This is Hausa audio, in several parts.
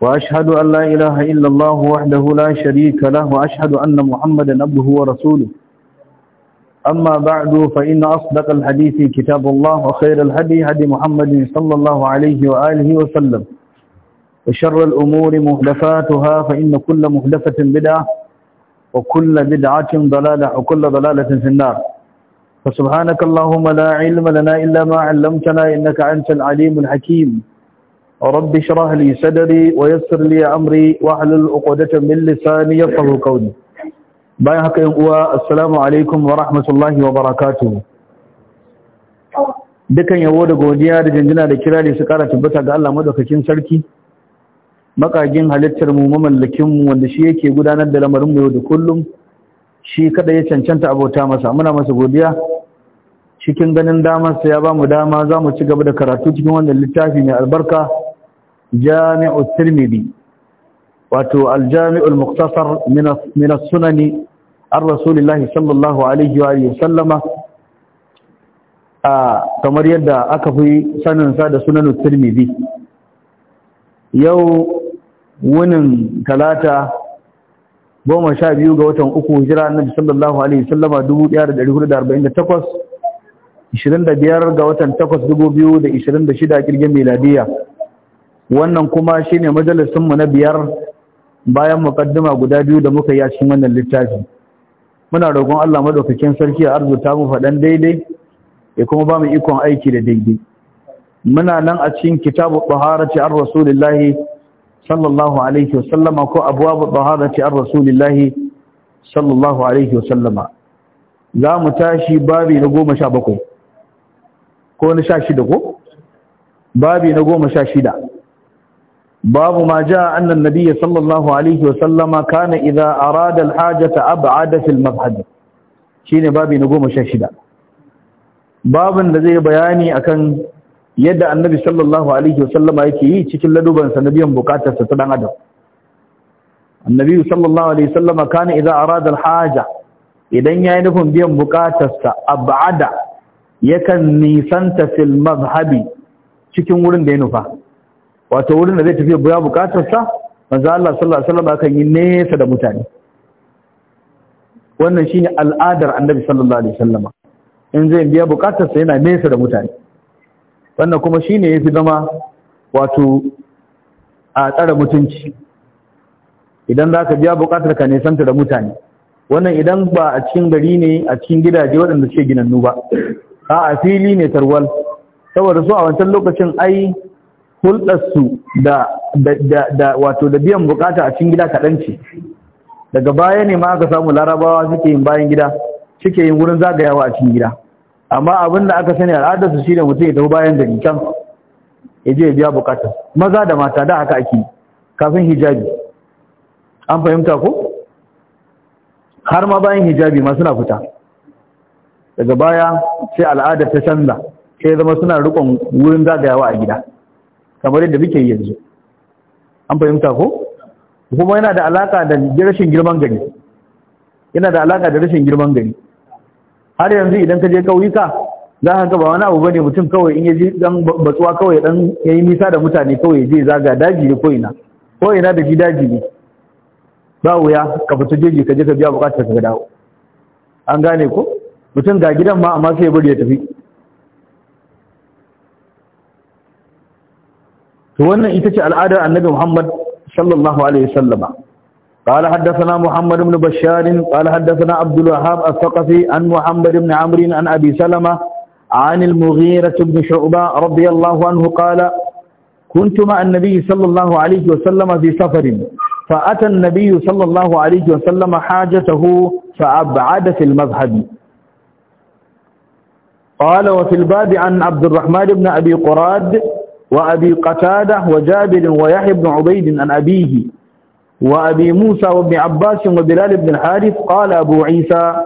وأشهد أن لا إله إلا الله وحده لا شريك له وأشهد أن محمدا أبه ورسوله أما بعد فإن أصدق الحديث كتاب الله وخير الهدي هدي محمد صلى الله عليه وآله وسلم وشر الأمور مهدفاتها فإن كل مهدفة بدعة وكل بدعة ضلالة وكل ضلالة في النار فسبحانك اللهم لا علم لنا إلا ما علمتنا إنك أنت العليم الحكيم رب اشرح لي صدري ويسر لي امري واحلل عقدة من لساني يفقهوا قولي bayan haka yan uwa assalamu alaikum wa rahmatullahi wa dukan yabo da godiya da jinjina da kirari su kara tabbata ga Allah madaukakin sarki makagin halittar mu mamallakin mu wanda shi yake gudanar da lamarin mu yau da kullum shi kada ya cancanta abota masa muna masa godiya cikin ganin damar sa ya bamu dama zamu ci gaba da karatu cikin wannan littafi mai albarka jami'u tirmidhi wato aljami'ul muktasar من as-sunani Rasu rasulillahi sallallahu alaihi wa sallama a kamar yadda aka fi sanin sa da sunan tirmidhi yau wunin talata 12 sha biyu ga watan uku hijira annabi sallallahu alaihi sallama dubu ɗaya da ga watan takwas dubu kirgin miladiya wannan kuma shine majalisin mu na biyar bayan mukaddima guda biyu da muka yi a cikin wannan littafi muna roƙon Allah madaukakin sarki ya arzuta mu faɗan daidai ya kuma ba mu ikon aiki da daidai muna nan a cikin kitabu taharati ar rasulillahi sallallahu alaihi wa sallama ko abwabu taharati ar rasulillahi sallallahu alaihi wa sallama. za mu tashi babi na goma sha bakwai ko na sha shida ko babi na goma sha shida باب ما جاء أن النبي صلى الله عليه وسلم كان إذا أراد الحاجة أبعد في المبعد شين بابي نقوم شاشدا باب الذي بياني أكن يد النبي صلى الله عليه وسلم يكي تكل لدوبا سنبيا بكاتا ستدان أدو النبي صلى الله عليه وسلم كان إذا أراد الحاجة idan ya yi nufin biyan bukatarsa abada yakan nisanta fil mazhabi cikin wurin da ya nufa wato wurin da zai tafi ya bukatar sa manzo Allah sallallahu alaihi wasallam kan yi nesa da mutane wannan shine al'adar annabi sallallahu alaihi wasallam in zai biya bukatar sa yana nesa da mutane wannan kuma shine yafi zama wato a tsara mutunci idan zaka biya bukatar ka nesanta da mutane wannan idan ba a cikin gari ne a cikin gidaje waɗanda suke ginannu ba a a fili ne tarwal saboda su a wancan lokacin ai hulɗarsu da wato da biyan bukata a cikin gida kaɗan ce daga baya ne ma aka samu larabawa suke yin bayan gida suke yin wurin zagayawa a cikin gida amma abin da aka sani al'adarsu shi ne mutum ya tafi bayan gari can ya je ya biya bukata maza da mata da haka ake kafin hijabi an fahimta ko har ma bayan hijabi ma suna fita daga baya sai al'adar ta canza sai zama suna rikon wurin zagayawa a gida kamar yadda muke yanzu an fahimta ko kuma yana da alaka da rashin girman gari yana da alaka da rashin girman gari har yanzu idan ka je kauyuka za ka ba wani abu bane mutum kawai in yaji dan batsuwa kawai dan yayi nisa da mutane kawai zai zaga daji ne ko ina ko ina da gidaji daji ne ba wuya ka fita jeji ka je ka biya bukatar ka dawo an gane ko mutum ga gidan ma amma sai ya bari ya tafi to wannan ita ce al'adar annabi Muhammad sallallahu alaihi wasallama قال حدثنا محمد بن بشار قال حدثنا عبد الوهاب الثقفي عن محمد بن عمرو عن ابي سلمة عن المغيرة بن شعبة رضي الله عنه قال كنت مع النبي صلى الله عليه وسلم في سفر فأتى النبي صلى الله عليه وسلم حاجته فأبعد في المذهب قال وفي الباب عن عبد الرحمن بن أبي قراد وأبي قتادة وجابر ويحيى بن عبيد عن أبيه وأبي موسى وابن عباس وبلال بن الحارث قال أبو عيسى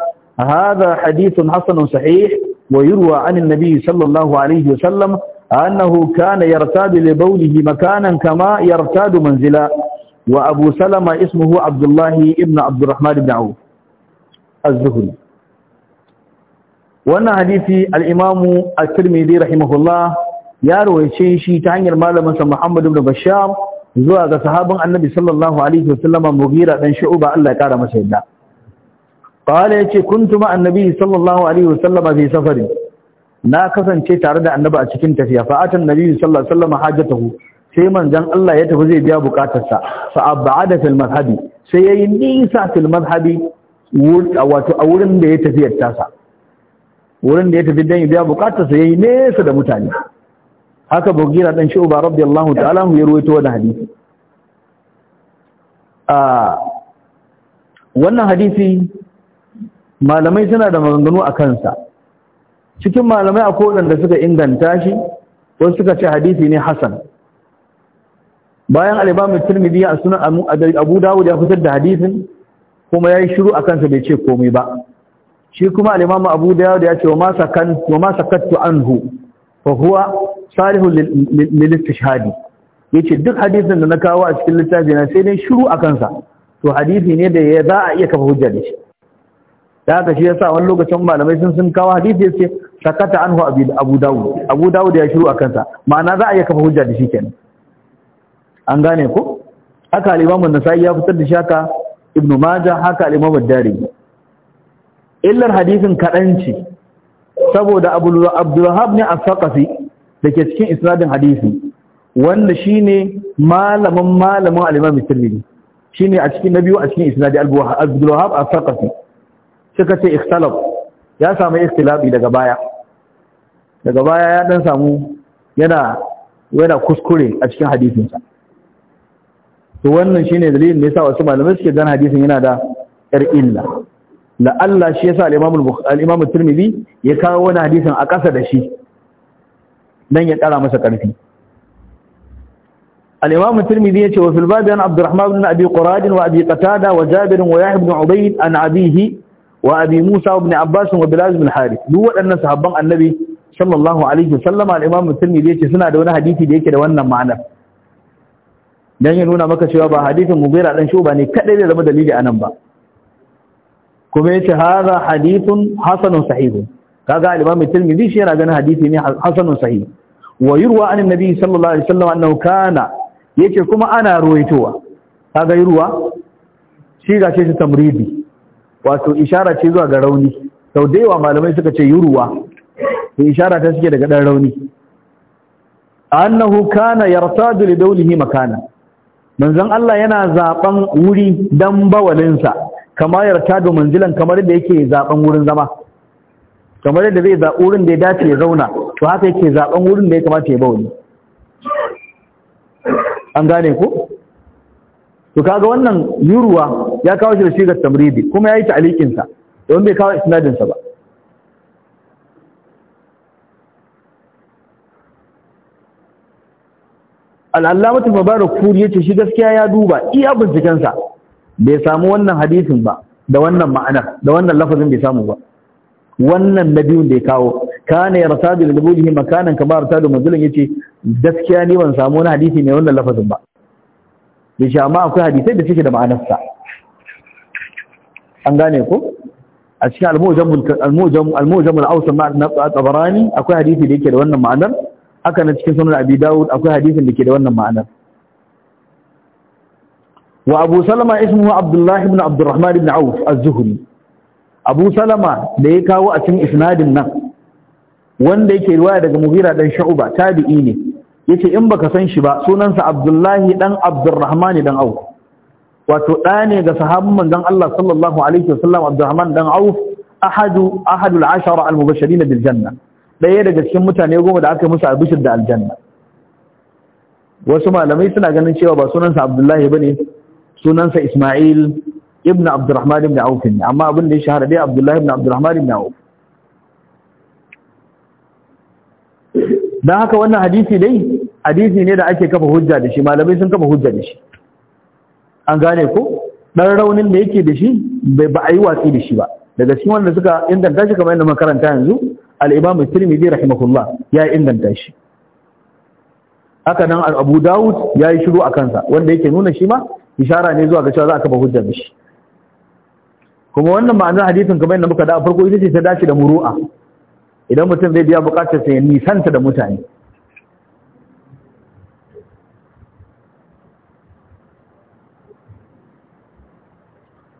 هذا حديث حسن صحيح ويروى عن النبي صلى الله عليه وسلم أنه كان يرتاد لبوله مكانا كما يرتاد منزلا وأبو سلمة اسمه عبد الله ابن عبد الرحمن بن عوف الزهري وأن حديث الإمام الترمذي رحمه الله ya rawaice shi ta hanyar malaminsa Muhammad ibn Bashar zuwa ga sahabin Annabi sallallahu alaihi wasallama Mughira dan Shu'ba Allah ya kara masa yadda qala yace kuntu ma annabi sallallahu alaihi wasallama fi safarin na kasance tare da Annabi a cikin tafiya fa atan nabi sallallahu alaihi wasallama hajatahu sai manzon Allah ya tafi zai biya bukatarsa fa ab'ada fil madhhabi sai yayi nisa fil madhhabi wato a wurin da ya tafi tasa wurin da ya tafi dan ya biya bukatarsa yayi nesa da mutane haka bugira dan shuba radiyallahu ta'ala ya ruwaito wannan hadisi a wannan hadisi malamai suna da maganganu a kansa cikin malamai akwai wanda suka inganta shi wasu suka ce hadisi ne hasan bayan al-imam at-tirmidhi a sunan abu dawud ya fitar da hadisin kuma yayi shiru akan sa bai ce komai ba shi kuma al-imam abu dawud ya ce wa ma wa ma anhu fa huwa salihun lil istishhadi yace duk hadisin da na kawo a cikin littafi na sai dai shiru a kansa to hadisi ne da ya za a iya kafa hujja da shi da haka shi yasa wani lokacin malamai sun sun kawo hadisi yace sakata anhu abi abu dawud abu dawud ya shiru a kansa ma'ana za a iya kafa hujja da shi kenan an gane ko haka al-imamu an-nasa'i ya fitar da shi haka ibnu majah haka al-imamu ad-darimi illar hadisin kadanci saboda abdulwahab ne a saƙafi da ke cikin isnadin hadisi wanda shi ne malamin malamin alimami tirmidhi shi ne a cikin na biyu a cikin isnadin abdulwahab a saƙafi suka ce ikhtalab ya samu ikhtilabi daga baya daga baya ya dan samu yana yana kuskure a cikin hadisinsa to wannan shi ne dalilin da ya sa wasu malamai suke gan hadisin yana da yar illa da shi ya sa al’imamun turmili ya kawo wani hadisun a ƙasa da shi don ya ƙara masa ƙarfi. al’imamun turmili ya ce wa filbabiyan abdurrahman na abi ƙuradin wa abi ƙatada wa jabirin wa yahi bin musa wa abbasin wa bilaz bin duk waɗannan sahabban annabi sallallahu alaihi sallama al’imamun turmili ya ce suna da wani hadisi da yake da wannan ma'anar don ya nuna maka cewa ba hadisin mubira ɗan ba ne kaɗai zai zama dalili a nan ba kuma yace hadha hadithun hasanun sahih kaga al-imam at-tirmidhi shi yana ganin hadisi ne hasanun sahih wa yurwa an annabi sallallahu alaihi wasallam annahu kana yace kuma ana ruwaitowa kaga yurwa shi ga ce tamridi wato ishara ce zuwa ga rauni sau da yawa malamai suka ce yurwa to ishara ta suke daga dan rauni annahu kana yartadu li dawlihi makana manzon Allah yana zaban wuri dan bawalinsa kama yarta da manzilan kamar da yake zaben wurin zama kamar yadda zai zaɓi wurin da ya dace ya zauna to haka yake zaɓen wurin da ya kamata ya bauni an gane ku? to kaga wannan yuruwa ya kawo shi da shi ga tamridi kuma ya yi to wanda bai kawo isnadinsa ba al'allamatu mubarak furi ya ce shi gaskiya ya duba iya bincikensa bai samu wannan hadisin ba da wannan ma'anar da wannan lafazin bai samu ba wannan na biyun da ya kawo kana ya rasa da lubujihi makanan kama rasa da manzulun ya ce gaskiya ni ban samu wani hadisi mai wannan lafazin ba ya ce amma akwai hadisai da suke da ma'anarsa an gane ko a cikin al almujam al'ausar na tsabarani akwai hadisi da yake da wannan ma'anar haka na cikin sunan abi dawud akwai hadisin da ke da wannan ma'anar وأبو سلمة اسمه عبد الله بن عبد الرحمن بن عوف الزهري ya kawo a cikin isnadin nan, wanda yake riwaya daga Mughira dan sha'uba tabi'i ne yace in baka san shi ba sunansa Abdullahi dan Abdurrahman dan Auf wato da ne ga sahabban manzon Allah sallallahu alaihi wasallam Abdurrahman dan Auf ahadu ahadul ashara almubashirin bil janna daya daga cikin mutane goma da aka musu albishir da aljanna wasu malamai suna ganin cewa ba sunansa Abdullahi bane sunansa Ismail ibn Abdurrahman ibn Auf ne amma abin da ya shahara dai Abdullah ibn Abdurrahman ibn Auf dan haka wannan hadisi dai hadisi ne da ake kafa hujja da shi malamai sun kafa hujja da shi an gane ko dan raunin da yake da shi bai ba ayi watsi da shi ba daga cikin wanda suka inganta shi kamar yadda muka karanta yanzu al-Imam Tirmidhi rahimahullah ya inganta shi haka nan Abu Dawud yayi shiru akan sa wanda yake nuna shi ma ishara ne zuwa ga cewa za a kafa hujja da shi kuma wannan ma'anar hadisin kamar yadda muka da farko ita ce ta dace da muru'a idan mutum zai biya bukatar ya nisanta da mutane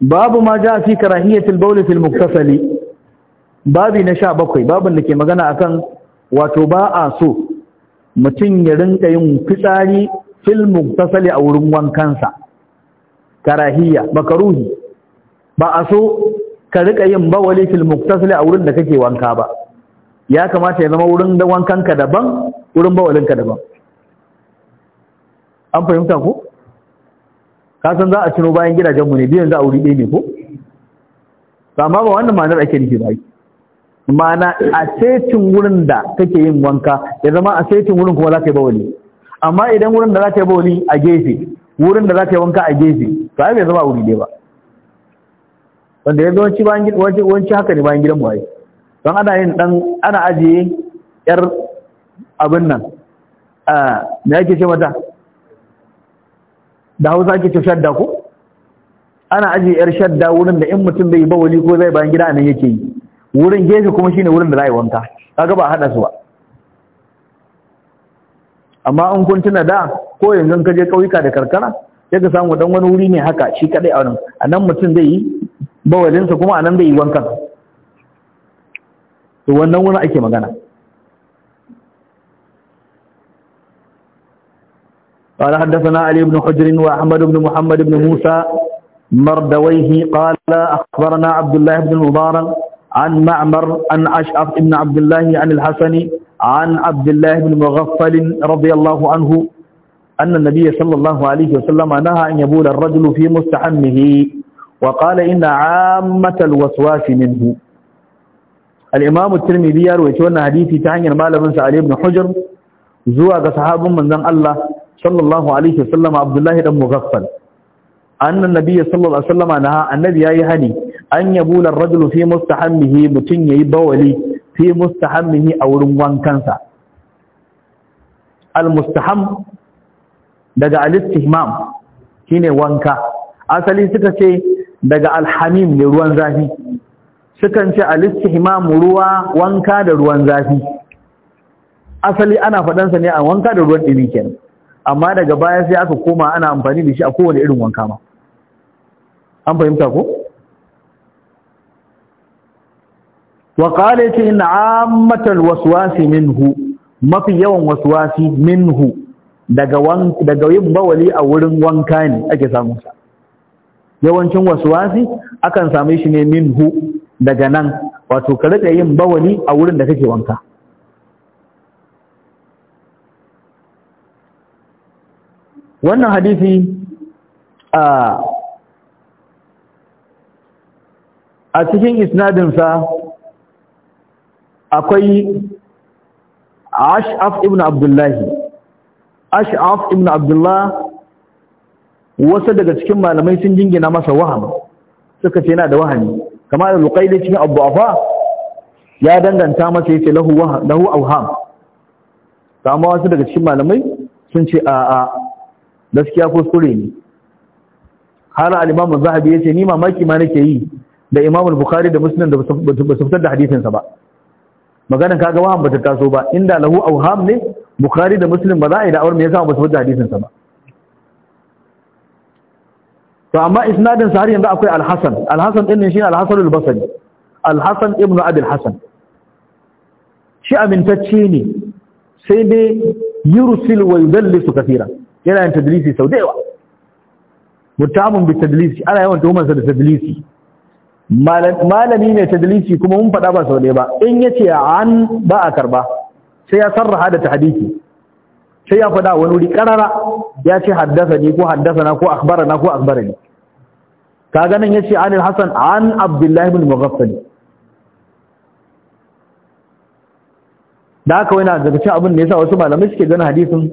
babu ma ja fi karahiyatul bawl fil muktasali babi na 17 babin da ke magana akan wato ba a so mutum ya rinka yin fitsari fil muktasali a wurin wankansa Karahiyya makaruhi ba a so ka rika yin bawali fil muktasili a wurin da kake wanka ba ya kamata ya zama wurin da ka daban wurin bawalinka daban an fahimta ko ka san za a ciro bayan gidajenmu ne biyan za a wuri ɗaya ne ko amma ba wannan ma'anar ake nufi ba ma'ana a setin wurin da kake yin wanka ya zama a setin wurin kuma za ka yi bawali amma idan wurin da za ka yi bawali a gefe wurin da za ka yi wanka a gefe to ai bai zama wuri ne ba wanda ya zo wanci haka ne bayan gidan mu don ana yin dan ana ajiye yar abin nan a na yake ce mata da Hausa ake ce shadda ko ana ajiye yar shadda wurin da in mutum bai yi bawali ko zai bayan gida a nan yake yi wurin gefe kuma shine wurin da za yi wanka kaga ba hada su ba amma an kun tuna da ko yanzu ka je kauyuka da karkara sai ka samu dan wani wuri ne haka shi kadai a nan a mutum zai yi sa kuma anan zai yi wankan to wannan wani ake magana قال حدثنا علي بن حجر وأحمد بن محمد بن موسى مردويه قال أخبرنا عبد الله بن المبارك عن معمر عن أشعف بن عبد الله عن الحسن عن عبد الله بن مغفل رضي الله عنه أن النبي صلى الله عليه وسلم نهى أن يبول الرجل في مستحمه وقال إن عامة الوسواس منه الإمام الترمذي يروي أن حديثي تعني المال من سعلي بن حجر زوى صحاب من ذن الله صلى الله عليه وسلم عبد الله بن مغفل أن النبي صلى الله عليه وسلم نهى النبي أي هني an yabula ar-rajulu fi mustahammihi mutun yayi bawali fi mustahammihi a wurin wankansa al-mustaham daga al-istihmam shine wanka asali suka ce daga al-hamim ne ruwan zafi sukan ce al-istihmam ruwa wanka da ruwan zafi asali ana faɗansa ne a wanka da ruwan ɗumi kenan amma daga baya sai aka koma ana amfani da shi a kowane irin wanka ma an fahimta ko wa ce ta in ammatal waswasi minhu mafi yawan waswasi minhu daga yin bawali a wurin wanka ne ake samu sa yawancin waswasi akan same shi ne minhu daga nan wato ka rika yin bawali a wurin da kake wanka wannan hadisi a cikin isnadinsa akwai ash'af ibn abdullahi ash'af ibn abdullah wasu daga cikin malamai sun jingina masa waham suka ce yana da Wahani. kamar al-luqayli cikin abu afa ya danganta masa yace lahu lahu awham Kamar wasu daga cikin malamai sun ce a a gaskiya kure ne har al-imam az-zahabi yace ni mamaki ma nake yi da imam al-bukhari da muslim da ba su fitar da hadisin sa ba maganar kaga wahan bata taso ba inda lahu auham ne bukhari da muslim ba za a yi da'awar me yasa ba su fada hadisin sa ba to amma isnadin sa har yanzu akwai al-hasan al-hasan din shine al-hasan al-basri al-hasan ibn abi al-hasan shi amintacce ne sai dai yursil wa yudallisu kathira yana yin tadlisi sau da yawa mutamun bi tadlisi ana yawan tuhumarsa da tadlisi malami mai tadlisi kuma mun faɗa ba sau ɗaya ba in ya ce an ba a karba sai ya sarraha da tahdiki sai ya faɗa wani wuri ƙarara ya ce haddasa ni ko haddasa na ko akbara na ko akbara ne kaga nan ya ce an hasan an abdullahi bin mughaffali da haka wani daga cikin abin da yasa wasu malamai suke ganin hadisin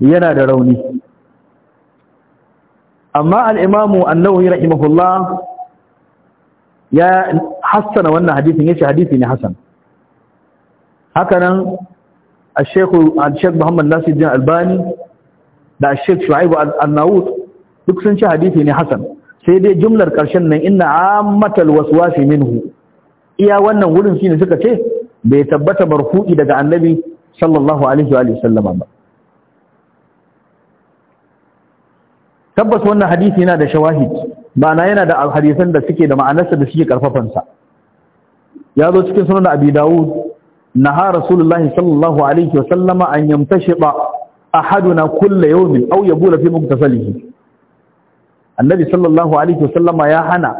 yana da rauni amma al-imamu an-nawawi rahimahullah ya hassana wannan hadisin yace hadisi ne hasan haka nan al-Sheikh al-Sheikh Muhammad Nasiruddin Albani da al-Sheikh Shu'aib al-Nawut duk sun ce hadisi ne hasan sai dai jumlar karshen nan inna ammatal waswasi minhu iya wannan wurin shine suka ce bai tabbata marfu'i daga annabi sallallahu alaihi wa sallama ba tabbas wannan hadisi yana da shawahid ma'ana yana da hadisan da suke da ma'anarsa da suke karfafansa ya zo cikin sunan abi dawud ha rasulullahi sallallahu alaihi wasallama an yamtashiba ahaduna kulla yawmin aw yabula fi muktasalihi annabi sallallahu alaihi wasallama ya hana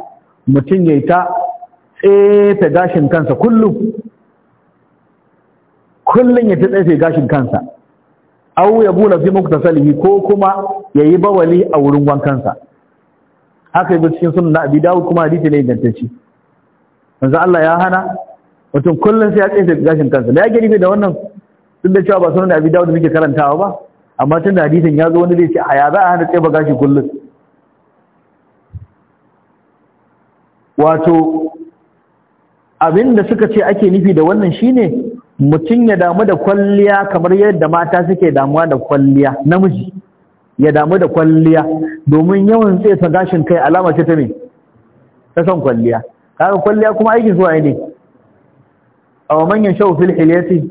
mutum yayi ta tsefe gashin kansa kullum kullun ya ta tsefe gashin kansa aw yabula fi muktasalihi ko kuma yayi bawali a wurin wankansa haka yi cikin sunan na abi dawud kuma hadisi ne ingantacce manzo Allah ya hana mutum kullum sai ya tsaye gashin kansa da ya ne da wannan tun da cewa ba sunan abi dawud muke karantawa ba amma tun da hadisin ya zo wani zai ce a ya za a hana tsaye gashi kullum wato abinda suka ce ake nufi da wannan shine mutum ya damu da kwalliya kamar yadda mata suke damuwa da kwalliya namiji ya damu da kwalliya domin yawan tsetsa gashin kai alama ce ta ne ta san kwalliya kaga kwalliya kuma aikin su ne aw man yashau fil hilyati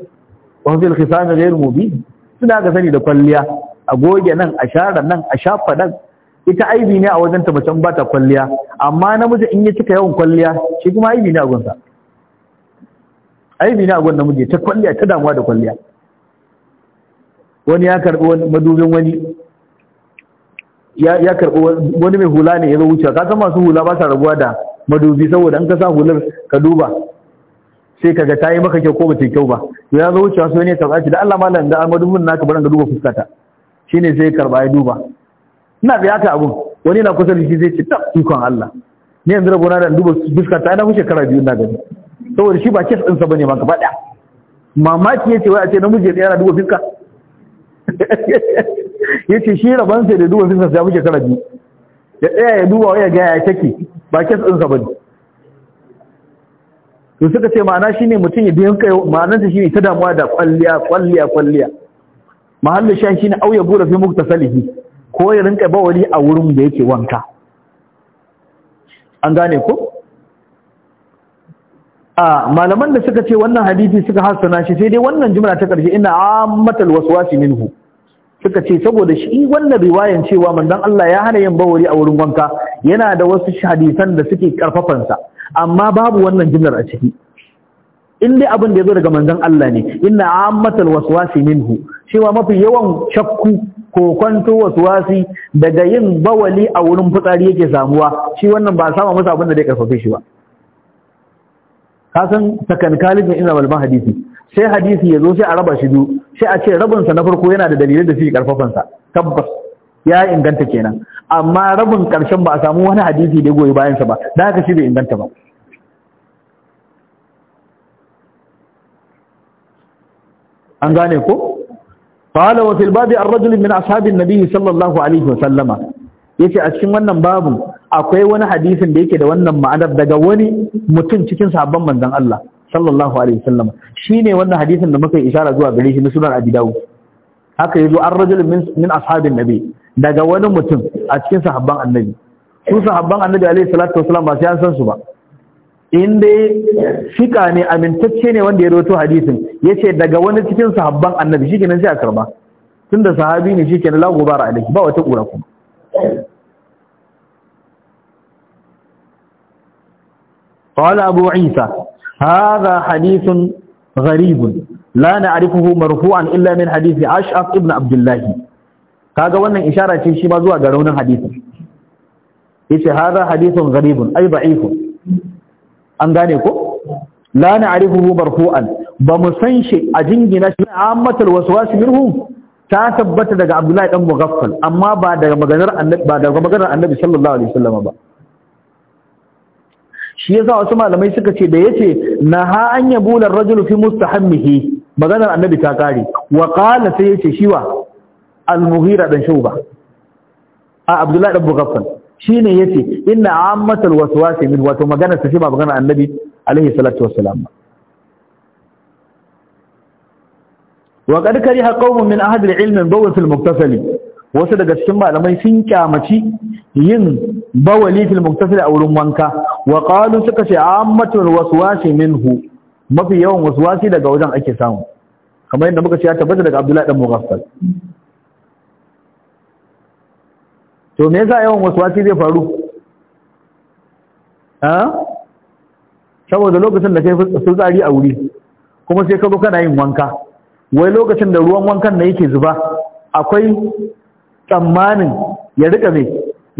wa fil khisam ghayr mubin suna ga sani da kwalliya a goge nan a share nan a shafa nan ita aibi ne a wajen ta mace ba ta kwalliya amma namiji in ya cika yawan kwalliya shi kuma aibi ne a gunsa aibi ne a gun namiji ta kwalliya ta damuwa da kwalliya wani ya karbi wani madubin wani ya karɓi wani mai hula ne ya zo wuce kasan masu hula ba sa rabuwa da madubi saboda an ka sa hular ka duba sai kaga ta yi maka kyau ko ba ta kyau ba to ya zo wuce sai ne ya karɓa shi da Allah malam da madubin naka baran ga duba fuskata shine sai karɓa ya duba ina da yaka abun wani na kusa da shi zai ce ta ikon Allah Ni yanzu da gona da duba fuskata ina wuce shekara biyu na gani saboda shi ba kes din sa bane ma gaba daya mamaki yace wai a ce namiji ya duba fuska ya ce shi rabansa da duba fiskas ya muke kara ya tsaya ya duba waya gaya ya take ba kes ɗinsa ba ne to suka ce ma'ana shi ne mutum ya biyan kai ma'anarsa shi ne ta damuwa da kwalliya kwalliya kwalliya mahallin shan shi ne auya gura fi mukta ko ya rinka bawali a wurin da yake wanka an gane ko a malaman da suka ce wannan hadisi suka hasana shi sai dai wannan jimla ta karshe ina ammatal waswasi minhu suka ce saboda shi wannan riwayan cewa manzon Allah ya hana yin bawari a wurin wanka yana da wasu hadisan da suke karfafansa amma babu wannan jinnar a ciki in dai abin da ya zo daga manzon Allah ne inna ammatal waswasi minhu cewa mafi yawan shakku ko kwanto waswasi daga yin bawali a wurin fitsari yake samuwa shi wannan ba sama masa abin da zai karfafe shi ba kasan san takan kalibin ina balban hadisi sai hadisi ya zo sai a raba shi biyu sai a ce rabinsa na farko yana da dalilin da suke karfafansa tabbas ya inganta kenan amma rabin karshen ba a samu wani hadisi da goyi bayansa ba da haka shi bai inganta ba an gane ko qala wa fil babi ar-rajul min an nabiy sallallahu alaihi wa sallama yace a cikin wannan babu akwai wani hadisin da yake da wannan ma'anar daga wani mutum cikin sahabban manzon Allah sallallahu alaihi wasallam shine wannan hadisin da muka isharar zuwa gare shi na sunan abi dawud haka yazo an rajul min min ashabin nabi daga wani mutum a cikin sahabban annabi su sahabban annabi alaihi salatu wasallam ba sai an san su ba Inda dai fika ne amintacce ne wanda ya rawaito hadisin yace daga wani cikin sahabban annabi shikenan sai a karba tunda sahabi ne shikenan lahu bara alaihi ba wata kura kuma قال أبو عيسى هذا حديث غريب لا نعرفه مرفوعا إلا من حديث أشعف ابن عبد الله kaga wannan ishara ce shi ma zuwa ga raunin hadisin yace hadha hadithun gharibun ay da'ifun an gane ko la na'rifuhu marfu'an ba mu san shi a jingina shi ammatul waswas minhu ta tabbata daga abdullahi dan mughaffal amma ba daga maganar annabi ba daga maganar annabi sallallahu alaihi wasallam ba shi yasa wasu malamai suka ce da yace naha an yabula ar-rajulu fi mustahammihi maganar annabi ta kare wa qala sai yace shiwa al-mughira dan shuba a abdullahi dan bugaffal shine yace inna ammatul waswas min wato maganar ta shi ba maganar annabi alaihi salatu wassalam wa qad kariha qaumun min ahli al-ilm bawl fil muktasali wasu daga cikin malamai sun kyamaci yin bawali fil muktasil a wurin wanka wa qalu suka ce ammatul waswasi minhu mafi yawan waswasi daga wajen ake samu kamar yadda muka ce ya tabbata daga Abdullahi dan Mughaffal to me yasa yawan waswasi zai faru a saboda lokacin da kai fitsari a wuri kuma sai ka zo kana yin wanka wai lokacin da ruwan wankan na yake zuba akwai tsammanin ya rika mai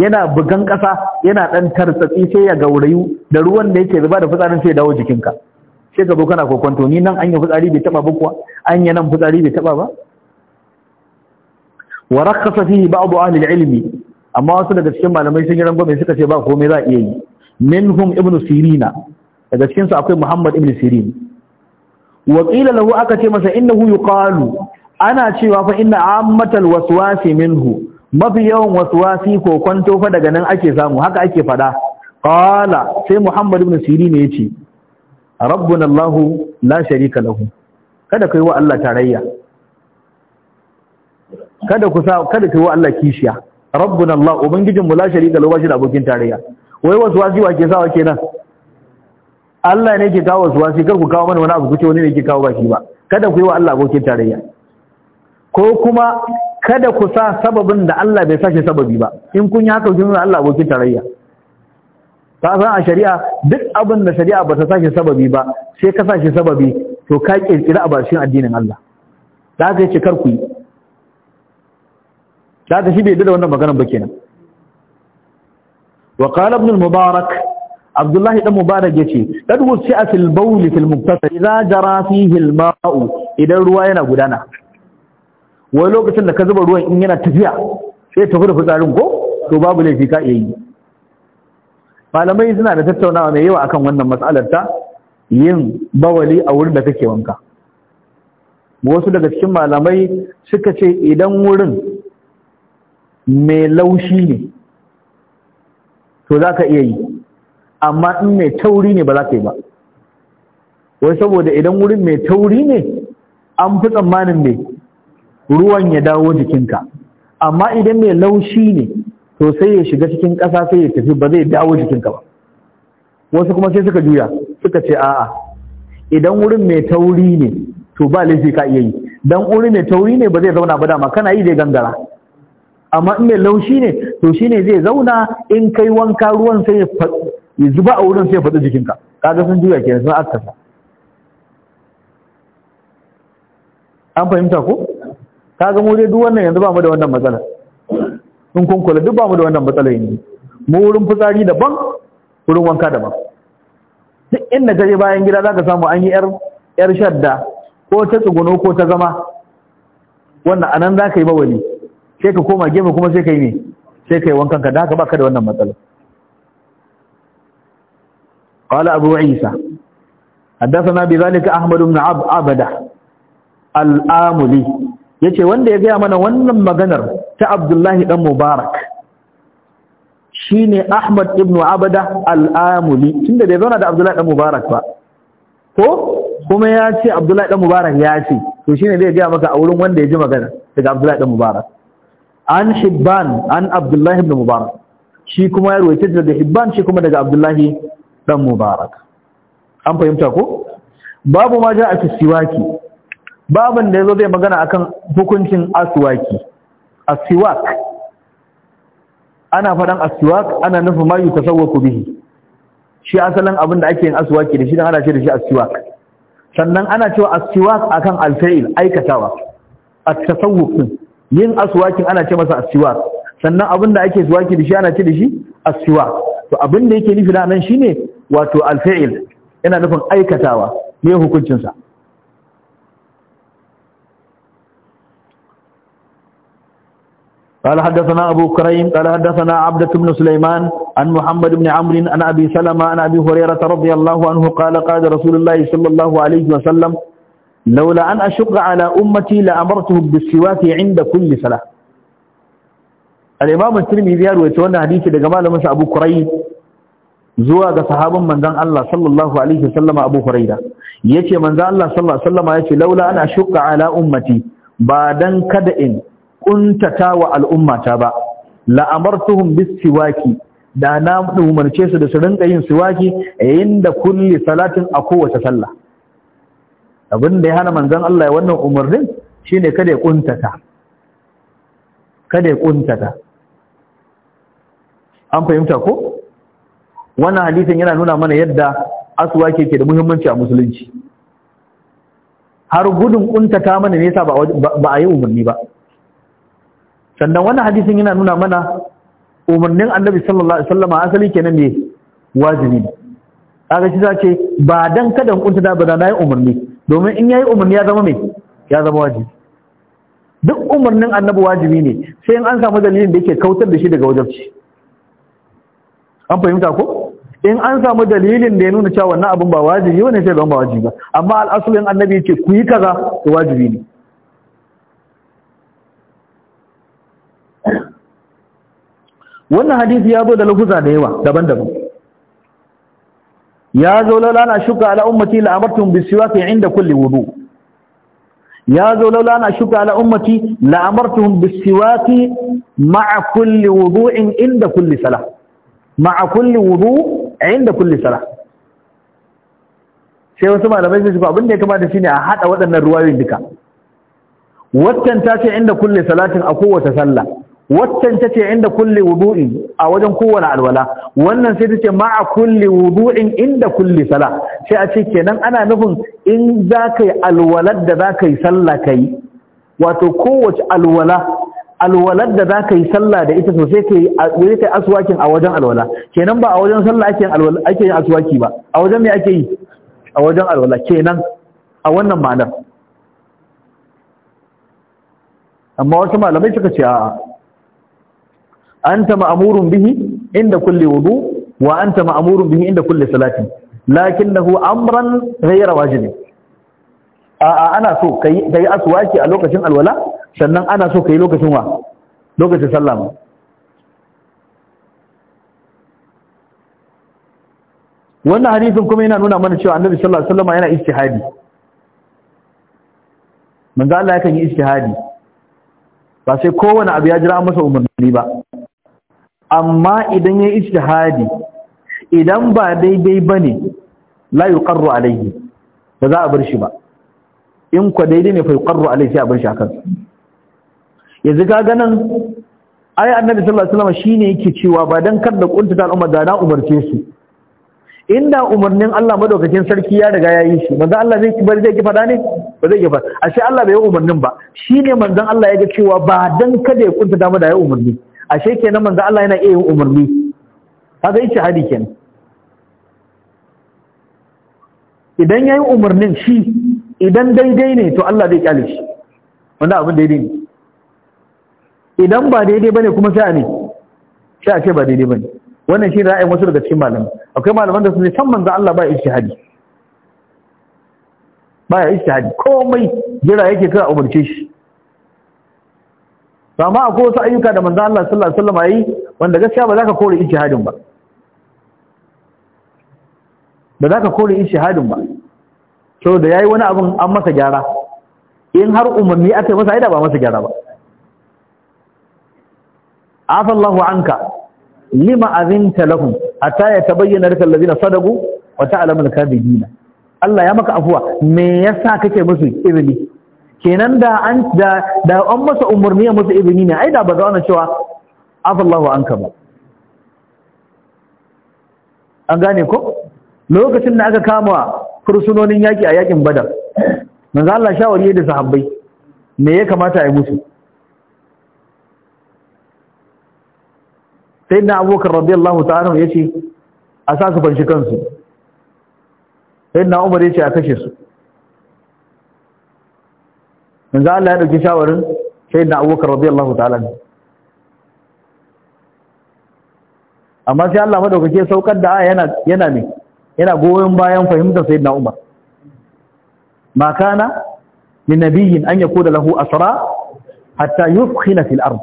yana bugan ƙasa yana ɗan tarsatsi sai ya gaurayu da ruwan da yake zuba da fitsarin sai ya dawo jikinka sai ka zo kana kokonto ni nan an yi fitsari bai taba ba kuwa an yi nan fitsari bai taba ba wa rakhasa fihi ba'd ahli al-ilm amma wasu daga cikin malamai sun yi rangwame suka ce ba komai za a iya yi minhum ibn sirina daga cikin su akwai muhammad ibn sirin wa qila lahu aka ce masa innahu yuqalu ana cewa fa inna ammatal waswasi minhu mafi yawan waswasi ko kwanto fa daga nan ake samu haka ake fada qala sai muhammad ibn sirin ne yace rabbuna allah la sharika lahu kada kai wa allah tarayya kada ku sa kada kai wa allah kishiya rabbuna allah ubangijin mu la sharika lahu bashi da abokin tarayya wai waswasi wa ke sawa kenan Allah ne ke kawo waswasi kar ku kawo mana wani abu kuce wani ne ke kawo ba shi ba kada ku yi wa Allah abokin tarayya ko kuma kada ku sa sababin da Allah bai sake sababi ba in kun yi haka kun nuna Allah abokin tarayya ta san a shari'a duk abin da shari'a ba ta sake sababi ba sai ka sake sababi to ka kirkira a bashin addinin Allah da haka yace kar ku yi da haka shi bai da wannan maganar ba kenan wa qala ibn al-mubarak abdullahi dan mubarak yace ce, si'atil bawl fil muktasar idza jara fihi al-ma'u idan ruwa yana gudana wai lokacin da ka zuba ruwan in yana tafiya sai tafi da fitsarin ko to babu laifi ka iya yi malamai suna da tattaunawa mai yawa akan wannan matsalar ta yin bawali a wurin da kake wanka wasu daga cikin malamai suka ce idan wurin mai laushi ne to za ka iya yi amma in mai tauri ne ba za ka yi ba wai saboda idan wurin mai tauri ne an fi tsammanin ne ruwan ya dawo jikinka amma idan mai laushi ne to sai ya shiga cikin ƙasa sai ya tafi ba zai dawo jikinka ba wasu kuma sai suka juya suka ce a'a idan wurin mai tauri ne to ba laifi ka iya yi dan wurin mai tauri ne ba zai zauna ba dama kana yi zai gangara amma in mai laushi ne to shine zai zauna in kai wanka ruwan sai ya zuba a wurin sai ya faɗi jikinka kaga sun juya kenan sun akasa an fahimta ko kaga mu dai duk wannan yanzu ba mu da wannan matsala in kun kula duk ba mu da wannan matsala yanzu mu wurin fitsari daban wurin wanka daban duk inda ka je bayan gida zaka samu an yi yar yar shadda ko ta tsuguno ko ta zama wannan anan zaka yi bawali sai ka koma gemu kuma sai ka yi ne sai ka yi wankan ka da haka baka da wannan matsala قال أبو عيسى حدثنا بذلك أحمد بن عبد عبده الآملي yace wanda ya gaya mana wannan maganar ta Abdullahi dan Mubarak shine Ahmad ibn Abada al-Amuli tunda bai zauna da Abdullahi dan Mubarak ba ko kuma ya ce Abdullahi dan Mubarak ya ce to shine zai gaya maka a wurin wanda ya ji magana daga Abdullahi dan Mubarak an Hibban an Abdullahi ibn Mubarak shi kuma ya rawaita daga Hibban shi kuma daga Abdullahi dan Mubarak an fahimta ko babu ma ja a siwaki babin da ya zo zai magana akan hukuncin asuwaki aswak ana faɗan asuwak ana nufin ma yi tasawwaku bihi shi asalin abin da ake yin asuwaki da shi ana ce da shi asuwak. sannan ana cewa asuwak akan alfa'il aikatawa at-tasawwuf yin asuwakin ana ce masa asuwak. sannan abin da ake suwaki da shi ana ce da shi asuwak. to abin da yake nufi nan shine wato alfa'il yana nufin aikatawa me hukuncin sa قال حدثنا أبو كريم قال حدثنا عبدة بن سليمان عن محمد بن عمرو عن أبي سلمة عن أبي هريرة رضي الله عنه قال قال رسول الله صلى الله عليه وسلم لولا أن أشق على أمتي لأمرتهم بالسواك عند كل صلاة الإمام الترمذي يروي حديث لجمال مس أبو كريم zuwa ga sahabin manzon Allah sallallahu alaihi wasallam Abu Huraira yace manzon Allah sallallahu alaihi wasallam yace laula ana shukka ala ummati ba dan kada in kuntata wa al'ummata ba bis siwaki, da na umarce su da su rinka yin siwaki inda kulli salatin a kowace sallah abin da ya hana manzon Allah wannan umarnin shine kada ya kuntata kada ya kuntata an fahimta ko wannan hadisin yana nuna mana yadda aswaki ke da muhimmanci a musulunci har gudun kuntata mana ne yasa ba a yi umarni ba sannan wannan hadisin yana nuna mana umarnin annabi sallallahu alaihi wasallam asali kenan ne wajibi ne kaga shi zace ba dan kada in kunta ba dan nayi umarni domin in yayi umarni ya zama me ya zama wajibi duk umarnin annabi wajibi ne sai in an samu dalilin da yake kautar da shi daga wajibi an fahimta ko in an samu dalilin da ya nuna cewa wannan abun ba wajibi ne sai ba wajibi ba amma al'asulin annabi yake ku yi kaza wajibi ne wannan hadisi ya zo da lafuza da yawa daban-daban ya zo laula na shuka ala ummati la amartum bi siwaki inda kulli wudu ya zo laula na shuka ala ummati la amartum bi siwaki ma'a kulli wudu'in inda kulli salah ma'a kulli wudu' inda kulli salah sai wasu malamai sai su ba abinda da ya kamata shine a hada waɗannan ruwayoyin duka Wattan ta ce inda kulli salatin a kowace sallah waccan ta ce inda kulli wudu'in a wajen kowane alwala wannan sai ta ce ma'a kulli wudu'in inda kulli sala sai a ce kenan ana nufin in za ka yi alwalar da za ka yi sallah ka yi wato kowace alwala alwalar da za ka yi sallah da ita sosai ka yi ka aswakin a wajen alwala kenan ba a wajen sallah ake alwala ake yin aswaki ba a wajen me ake yi a wajen alwala kenan a wannan ma'anar amma wasu malamai suka ce a'a anta ma'murun bihi inda kulli wudu wa anta ma'murun bihi inda kulli salati lakinnahu amran ghayra wajib a ana so kai kai aswaki a lokacin alwala sannan ana so kai lokacin wa lokacin sallama wannan hadisin kuma yana nuna mana cewa annabi sallallahu alaihi wasallam yana ijtihadi manzo Allah yakan yi ijtihadi ba sai kowane abu ya jira masa umarni ba amma idan ya ijtihadi idan ba daidai bane la yuqarru alayhi ba za a bar shi ba in ku daidai ne fa yuqarru alayhi sai a bar shi akan yanzu ga nan ai annabi sallallahu alaihi wasallam shine yake cewa ba dan da kunta ta al'umma da na umarce su inda umarnin Allah madaukakin sarki ya riga ya yi shi manzo Allah zai bar zai ki fada ne ba zai ki fada ashe Allah bai yi umarnin ba shine manzon Allah ya ga cewa ba dan kada ya kunta mu da ya umarni ashe kenan manzo Allah yana iya yin umarni kaga yace hadi kenan idan yayi umarnin shi idan daidai ne to Allah zai kyale shi wanda abin daidai ne idan ba daidai bane kuma sai a ne sai a ce ba daidai bane wannan shi ra'ayin wasu daga cikin malamai akwai malaman da su ne san manzo Allah ba ya hadi, ba ya hadi komai jira yake kai a umarce shi amma akwai wasu ayyuka da manzo Allah sallallahu alaihi wasallam yayi wanda gaskiya ba za ka kore ijtihadin ba ba za ka kore ijtihadin ba to da yayi wani abin an masa gyara in har umarni aka yi masa aida ba masa gyara ba afa Allahu anka lima azinta lahum hatta yatabayyana lakal ladina sadaqu wa ta'lamu al-kadhibina Allah ya maka afuwa me yasa kake musu izini kenan da an da da an masa umarni ya masa izini ne ai da ba za cewa afallahu anka ba an gane ko lokacin da aka kama fursunonin yaki a yakin badar manzo Allah shawari da sahabbai me ya kamata a yi musu sai na abokan radiyallahu ta'ala ya ce a sa su fanshi kansu sai na umar ya ce a kashe su manzo Allah ya dauki shawarin sayyidina Abubakar radiyallahu ta'ala amma sai Allah madaukake saukar da aya yana yana ne yana goyon bayan fahimtar sayyidina Umar ma kana min nabiyyin an yakuna lahu asra hatta yufkhina fil ard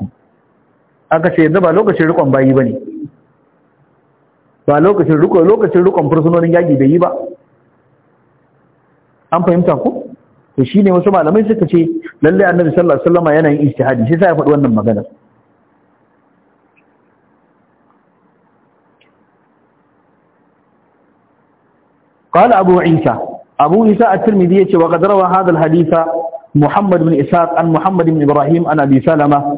aka ce da ba lokacin rikon bayi bane ba lokacin riko lokacin rikon fursunonin yaki bai yi ba an fahimta ku shi shine wasu malamai suka ce lalle annabi sallallahu alaihi wasallam yana yin ijtihadi sai sai faɗi wannan magana qala abu isa abu isa a tirmidhi yace wa qad rawa hadha al-haditha muhammad ibn ishaq an muhammad ibn ibrahim an abi salama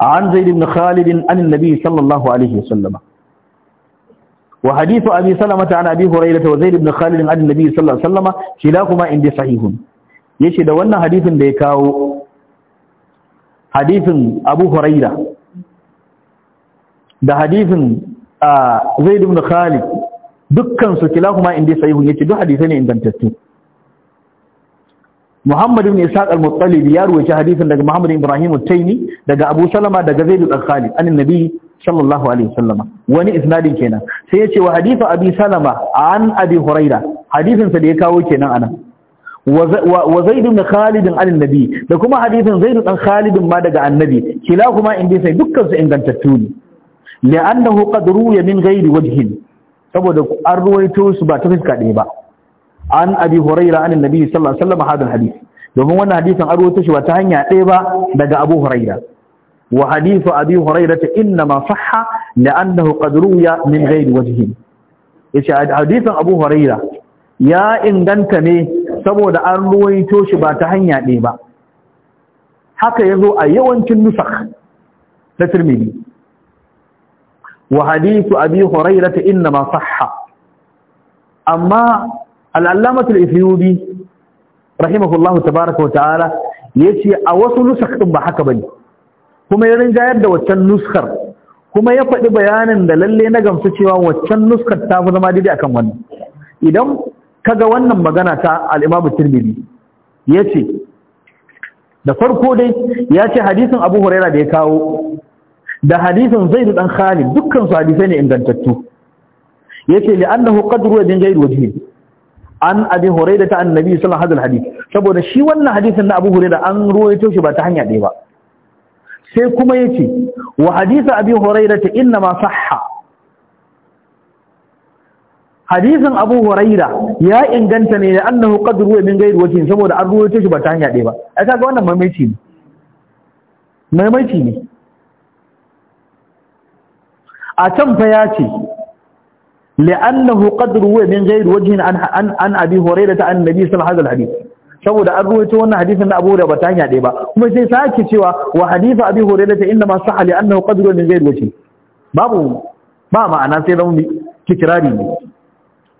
an zaid ibn khalid an an-nabi sallallahu alaihi wasallam wa hadithu abi salama an abi hurayra wa zaid ibn khalid an an-nabi sallallahu alaihi wasallam kilakuma indi sahihun yace da wannan hadisin da ya kawo hadisin Abu Huraira da hadisin Zaid ibn Khalid dukkan su kilahuma inda sahihun yace duk hadisi ne ingantacce Muhammad ibn Ishaq al-Muttalib ya ruwaita hadisin daga Muhammad Ibrahim al-Taymi daga Abu Salama daga Zaid ibn Khalid anin Nabi sallallahu alaihi wasallam wani isnadin kenan sai yace wa hadisi Abi Salama an Abi Huraira hadisin sa da ya kawo kenan anan wa zaid ibn khalid an annabi da kuma hadithin zaid dan khalid ma daga annabi kilahuma inda sai dukkan su ingantattu ne li'annahu qad ruya min ghairi wajhin saboda an ruwaito su ba ta fuska ɗaya ba an abi huraira an annabi sallallahu alaihi wasallam hadal hadith domin wannan hadisin an ruwaito shi ba ta hanya ɗaya ba daga abu huraira wa hadithu abi huraira ta inna ma sahha li'annahu qad ruya min ghairi wajhin yace hadisin abu huraira ya inganta ne saboda an ruwaito shi ba ta hanya ɗaya ba haka ya zo a yawancin nusar na tirmidhi wa hadithu abi ta inna ma sahha amma al-allamah rahimahullahu tabaraka wa ta'ala ce a wasu nusar ɗin ba haka bane kuma ya rinjayar da waccan nuskar kuma ya faɗi bayanin da lalle na gamsu cewa waccan nuskar ta fi zama daidai akan wannan idan kaga wannan magana ta alimamu imam Ya ce da farko dai ya ce hadisin Abu Huraira da ya kawo da hadisin zai dan Khalid dukkan su hadisai ne ingantattu Ya ce yace li'annahu qadru bin ruwa wajhi an abin Huraira ta annabi sallallahu hadin hadis saboda shi wannan hadisin na Abu Huraira an ruwaito shi ba ta hanya ɗaya ba sai kuma ya ce wa hadisa Abi Huraira ta inna ma sahha hadisin abu huraira ya inganta ne da annahu qadru wa min ghairi wajhin saboda an ruwaito shi ba ta hanya ɗaya ba ai kaga wannan maimaici ne maimaici ne a can fa ya ce li'annahu qadru wa min ghairi wajhin an an abi huraira ta annabi sallallahu alaihi wasallam saboda an ruwaito wannan hadisin da Abu Hurairah ba ta hanya ɗaya ba kuma sai sake cewa wa hadisi Abi Hurairah ta inna ma sahha li annahu qad min ghairi wajhin babu ba ma'ana sai zama kikirari ne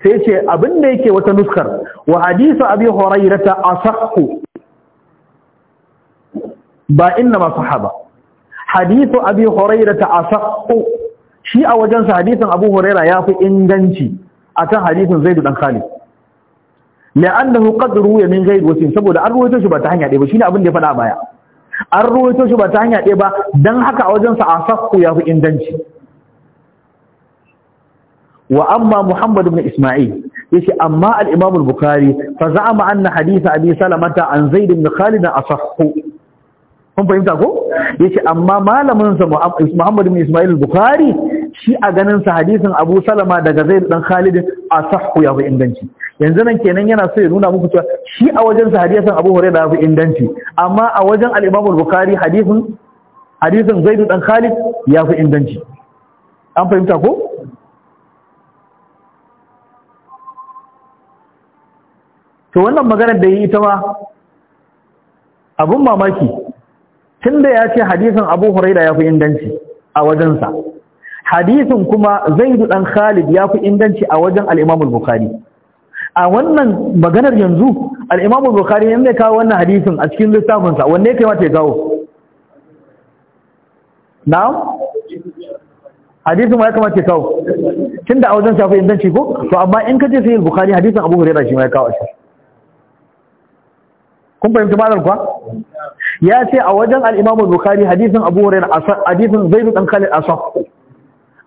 sai ce abin da yake wata nuskar wa hadisu abi hurairata asahhu ba inna ma sahaba hadisu abi hurairata asahhu shi a wajen sa hadisin abu huraira yafi inganci akan hadisin zaid dan khalid la'annahu qad ruwiya min ghairi wasin saboda an ruwaito shi ba ta hanya ɗaya ba shine abin da ya faɗa baya an ruwaito shi ba ta hanya ɗaya ba dan haka a wajen sa asahhu yafi inganci wa amma Muhammad ibn Isma'il yace amma al-Imam al-Bukhari fa za'ama anna hadith Abi Salamata an Zaid ibn Khalid asahhu kun fahimta ko yace amma malamin sa Muhammad ibn Isma'il al-Bukhari shi a ganin sa hadisin Abu Salama daga Zaid dan Khalid asahhu ya fi inganci yanzu nan kenan yana so ya nuna muku cewa shi a wajen sa hadisin Abu Hurairah ya fi inganci amma a wajen al-Imam al-Bukhari hadisin hadisin Zaid dan Khalid ya fi inganci an fahimta ko to wannan maganar da yi ita ma abun mamaki tun da ya ce hadisin Abu Huraira ya fi inganci a wajensa hadisin kuma Zaid dan Khalid ya fi inganci a wajen Al'imamul bukari bukhari a wannan maganar yanzu Al'imamul bukari al-Bukhari kawo wannan hadisin a cikin lissafinsa sa wanne kai mata ya kawo na'am hadisin ma ya kamata ya kawo da a wajen shafi fi inganci ko to amma in ka je sai bukhari hadisin Abu Huraira shi ma ya kawo shi kun fahimci malar kuwa ya ce a wajen al'imamu bukari hadithin abu wurin hadisin zai ɗan kalin asaf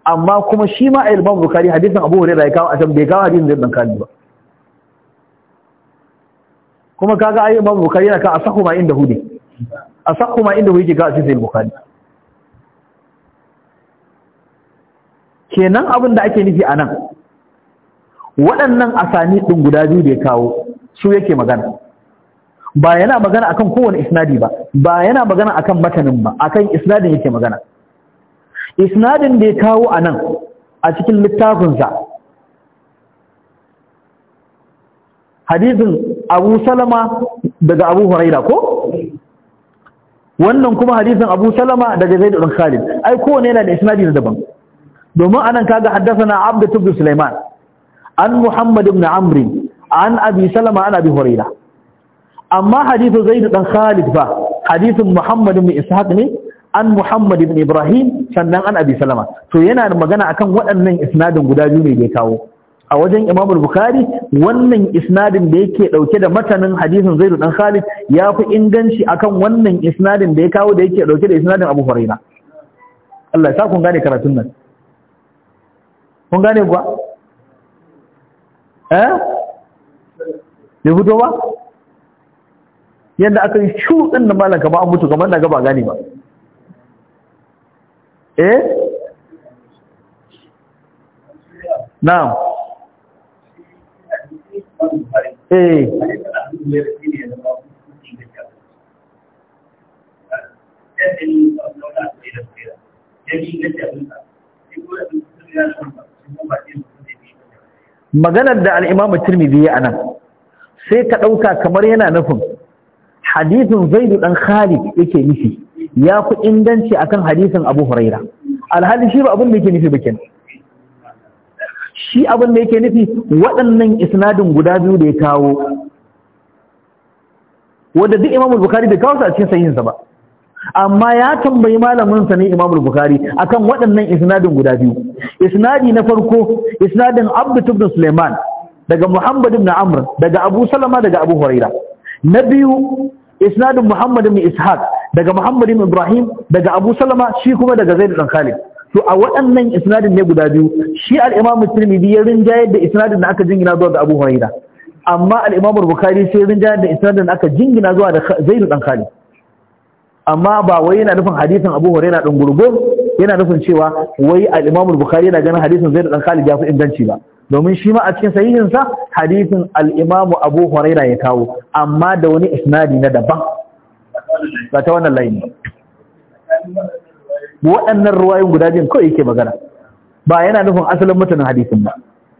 amma kuma shi ma a ilman bukari hadithin abu wurin da ya kawo asaf bai kawo hadisin zai ɗan kalin ba kuma kaga ayi imamu bukari yana kan asahu ma inda hudu asahu ma inda hude zai asifin bukari kenan abin da ake nufi anan waɗannan asani ɗin guda biyu da ya kawo su yake magana ba yana magana akan kowane isnadi ba ba yana magana akan matanin ba akan isnadin yake magana isnadin da ya kawo a nan a cikin littafinsa hadisin abu salama daga abu huraira ko wannan kuma hadisin abu salama daga zai da khalid ai kowane yana da isnadi na daban domin anan kaga haddasa na abdatu bin sulaiman an muhammad ibn amrin an abi salama an abi huraira amma hadithu zaid dan khalid ba hadithu muhammad ibn ishaq ne an muhammad ibn ibrahim sannan an abi salama to yana da magana akan waɗannan isnadin guda biyu ne da ya kawo a wajen imam bukhari wannan isnadin da yake dauke da matanin hadisin zaid dan khalid ya fi inganci akan wannan isnadin da ya kawo da yake dauke da isnadin abu hurairah Allah ya kun gane karatun nan kun gane kuwa eh bai fito ba yadda aka yi shuɗin da malam kama an mutu kamar na gaba gane ba eh na eh maganar da al'imamu biyu nan nan sai ka ɗauka kamar yana nufin hadithin zaidu dan khalid yake nufi ya ku inganci akan hadisin abu huraira alhali shi ba abin da yake nufi ba bakin shi abin da yake nufi waɗannan isnadin guda biyu da ya kawo wanda duk imamu bukari bai kawo su a cikin ba amma ya tambayi malamin sa ne imamu bukari akan waɗannan isnadin guda biyu isnadi na farko isnadin abdu ibn suleiman daga muhammad ibn amr daga abu salama daga abu huraira na biyu isnadin Muhammad ibn Ishaq daga Muhammad ibn Ibrahim daga Abu Salama shi kuma daga Zaid ibn Khalid to a waɗannan isnadin ne guda biyu shi al-Imam Tirmidhi ya rinjaye da isnadin da aka jingina zuwa ga Abu Huraira amma al-Imam Bukhari sai rinjaye da isnadin da aka jingina zuwa da Zaid ibn Khalid amma ba wai yana nufin hadisin Abu Huraira din gurgur yana nufin cewa wai al-Imam Bukhari yana ganin hadisin Zaid ibn Khalid ya fi inganci ba domin shi ma a cikin sahihinsa hadisin Al'imamu Abu Huraira ya kawo amma da wani isnadi na daban ba ta wannan layin waɗannan ruwayoyin guda biyun kawai yake magana ba yana nufin asalin mutanen hadisin ba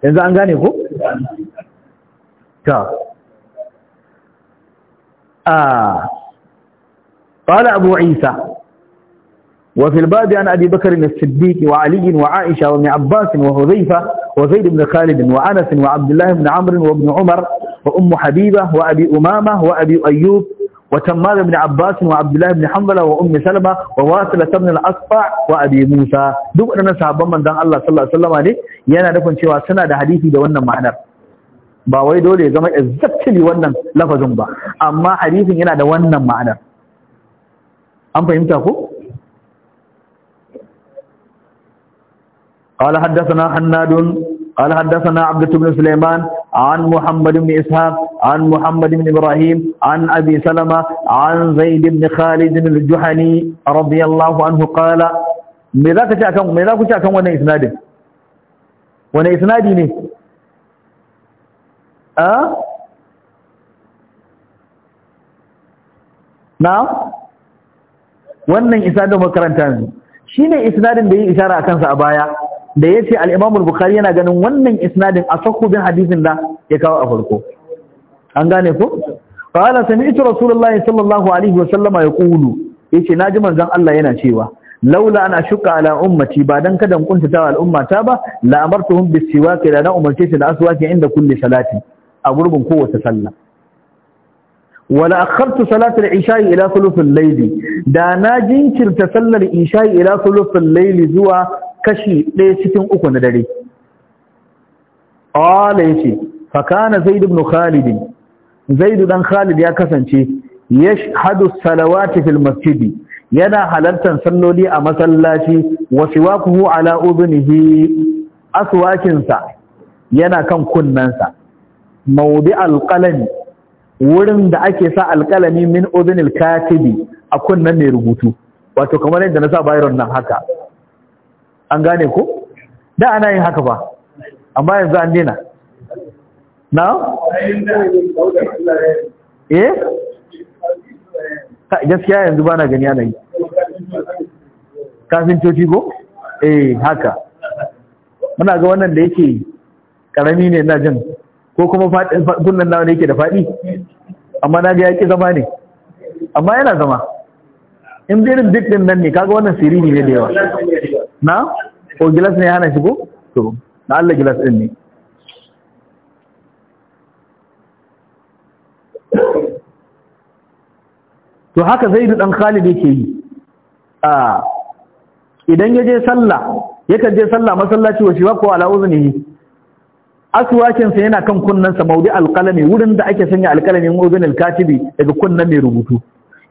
yanzu an gane ko ta a qala abu isa وفي الباب wa أبي wa الصديق وعلي وعائشة وابن عباس وهذيفة وزيد بن خالد وأنس وعبد الله بن عمرو وابن عمر وأم حبيبة وأبي أمامة وأبي أيوب وتماد بن عباس وعبد الله بن حنبلة وأم سلمة وواصلة بن الأصفع وأبي موسى دوب أننا صحابا من دان الله صلى الله عليه وسلم عليه يانا نكون شوى سنة ده حديثي ده ونم معنى ba wai dole ya zama exactly wannan lafazin ba amma hadisin yana da wannan ma'anar an fahimta ko قال حدثنا حناد قال حدثنا عبدة بن سليمان عن محمد بن إسحاق عن محمد بن إبراهيم عن أبي سلمة عن زيد بن خالد الجحني رضي الله عنه قال ماذا كتاكم ماذا كتاكم وانا إسناد وانا إسنادي ني أه نعم wannan isnadin makaranta ne shine isnadin da yi isharar kansa a baya da ya ce imam bukhari yana ganin wannan isnadin asahhu bin hadisin da ya kawo a farko an gane ku? Fa’ala sami ita rasulullahi sallallahu alaihi wa sallama ya ce, naji manzan Allah yana cewa laula ana shuka ala ummati ba don kada kunta ta al'umma ta ba la amartuhum bis ke da na umarce su da aswaki inda kulle salati a gurbin kowace sallah wala akhartu salatul isha ila thuluthil Laili da na jinkirta sallar isha ila thuluthil Laili zuwa kashi ɗaya cikin uku na dare ƙwala ya ce fakana zaidu ibn khalidin zaidu dan khalid ya kasance ya hadu salawati fil masjidi yana halartar salloli a masallaci wa siwakuhu ala udunihi aswakinsa yana kan kunnansa maudi Alƙalami. wurin da ake sa alƙalami min obinil katibi a kunnan mai rubutu wato kamar yadda na sa bayron nan haka an gane ko da ana yin haka ba amma yanzu an dina na? eh? gaskiya yanzu ba na gani ana yi kafin coci ko? eh haka muna ga wannan da yake karami ne na jin ko kuma kunnan nawa ne yake da faɗi amma na ga yaƙi zama ne amma yana zama in birin duk ɗin nan ne kaga wannan siriri ne da yawa na ko gilas ne hana shigo? to na Allah gilas din ne to haka zaidu dan Khalid yake yi a idan yaje sallah yakan je sallah masallaci wa shiwa ko ala uzunihi aswakin sa yana kan kunnan sa maudi alqalami wurin da ake sanya alqalamin ubin alkatibi daga kunnan mai rubutu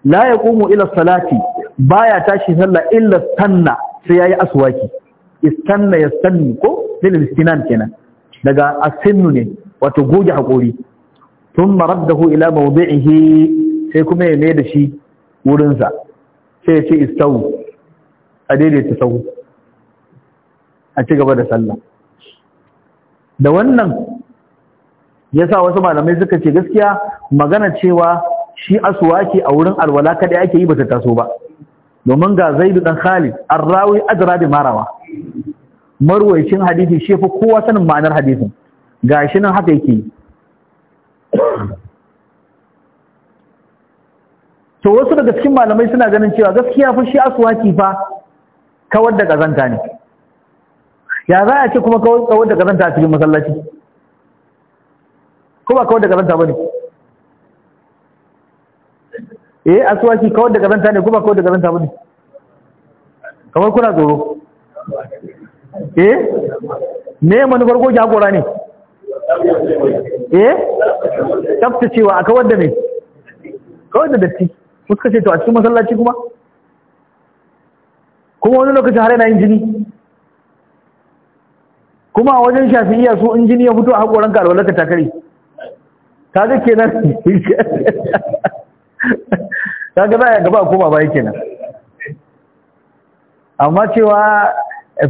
la yaqumu ila salati baya tashi sallah illa sanna sai ya yi aswaki istanna sannu ko lil istinan kenan daga asinnu ne wato goge hakori thumma raddahu ila mawdi'ihi sai kuma ya mai da shi wurinsa. sai ya ce istawu a daidaita sahu a ci gaba da sallah da wannan ya sa wasu malamai suka ce gaskiya magana cewa shi aswaki a wurin alwala kaɗai ake yi ba ta taso ba domin ga zaidu dan khalid arrawi ajra da marawa marwayacin hadisi shi fa kowa sanin ma'anar hadisin gashi nan haka yake to wasu daga cikin malamai suna ganin cewa gaskiya fa shi aswaki fa kawar da kazanta ne ya za a ce kuma kawar da kazanta a cikin masallaci Kuma kawar da kazanta bane eh aswaki kawar da ta ne kuma kawar da ta bane kamar kuna tsoro eh me manufar goge hakora ne eh cewa a kawar da me kawar da datti suka ce to a cikin masallaci kuma kuma wani lokaci har yana yin jini kuma a wajen shafi'iyya su in jini ya fito a hakoran ka alwalar ka takare ta zai kenan kaga ya gaba koma baya nan, amma cewa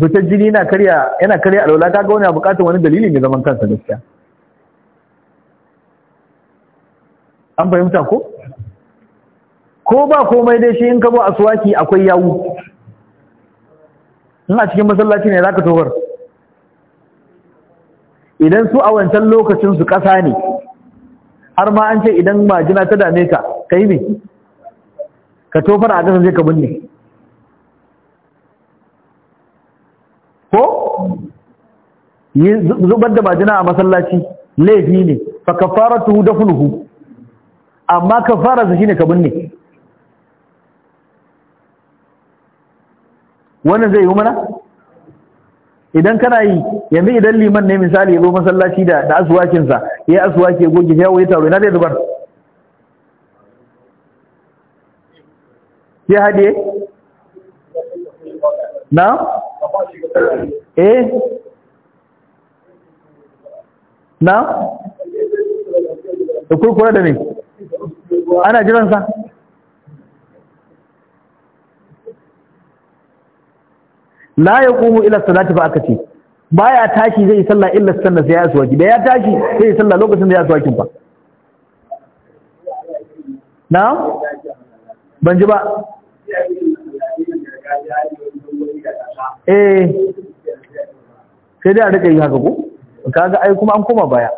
fitar jini na karya yana karya alwala kaga wani bukatar wani dalili ne zaman kansa gaskiya an fahimta ko ko ba komai dai shi in ka bo suwaki akwai yawu ina cikin masallaci ne zaka tobar idan su a wancan lokacin su kasa ne har ma an ce idan majina ta dame ka kai ne ka tofar a ƙasa zai ka binne ko yi zubar da majina a masallaci laifi ne fa da fulhu amma ka kafara shi ne ka binne wannan zai yi mana idan kana yi yanzu idan liman ne misali ya zo masallaci da asuwakinsa ya asuwake goge yawo ya taro ina zai zubar ya haɗe? na? eh? na? da kurkura da ne? ana jiransa? la ya ƙumu ila salati ba aka ce baya tashi zai sallah illa sanna sai ya zuwa da ya tashi zai sallah lokacin da ya aswakin ba na ban ji ba eh sai dai a rika yi haka ko kaga ai kuma an koma baya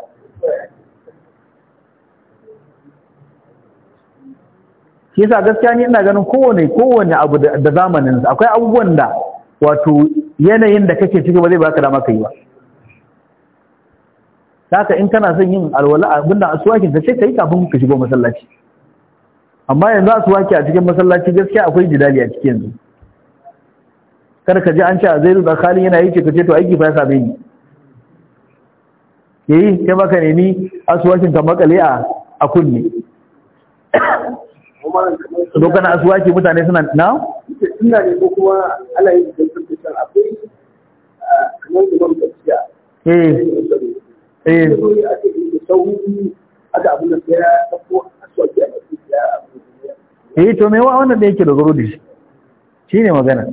shi sa gaskiya ni ina ganin kowane kowane abu da zamanin akwai abubuwan da wato yanayin da kake ciki ba zai baka dama kai ba ka in kana son yin alwala abinda asuwakin ka sai kai kafin ka shigo masallaci amma yanzu a wake a cikin masallaci gaskiya akwai jidali a cikin yanzu Kada ka ji an ce a zairu da khalin yana yi ce ka ce to aiki fa ya same ni yayi kai baka nemi asuwakin ka makale a a kunne su asuwaki mutane suna na eh eh eh to me wa wannan da yake dogaro da shi shine magana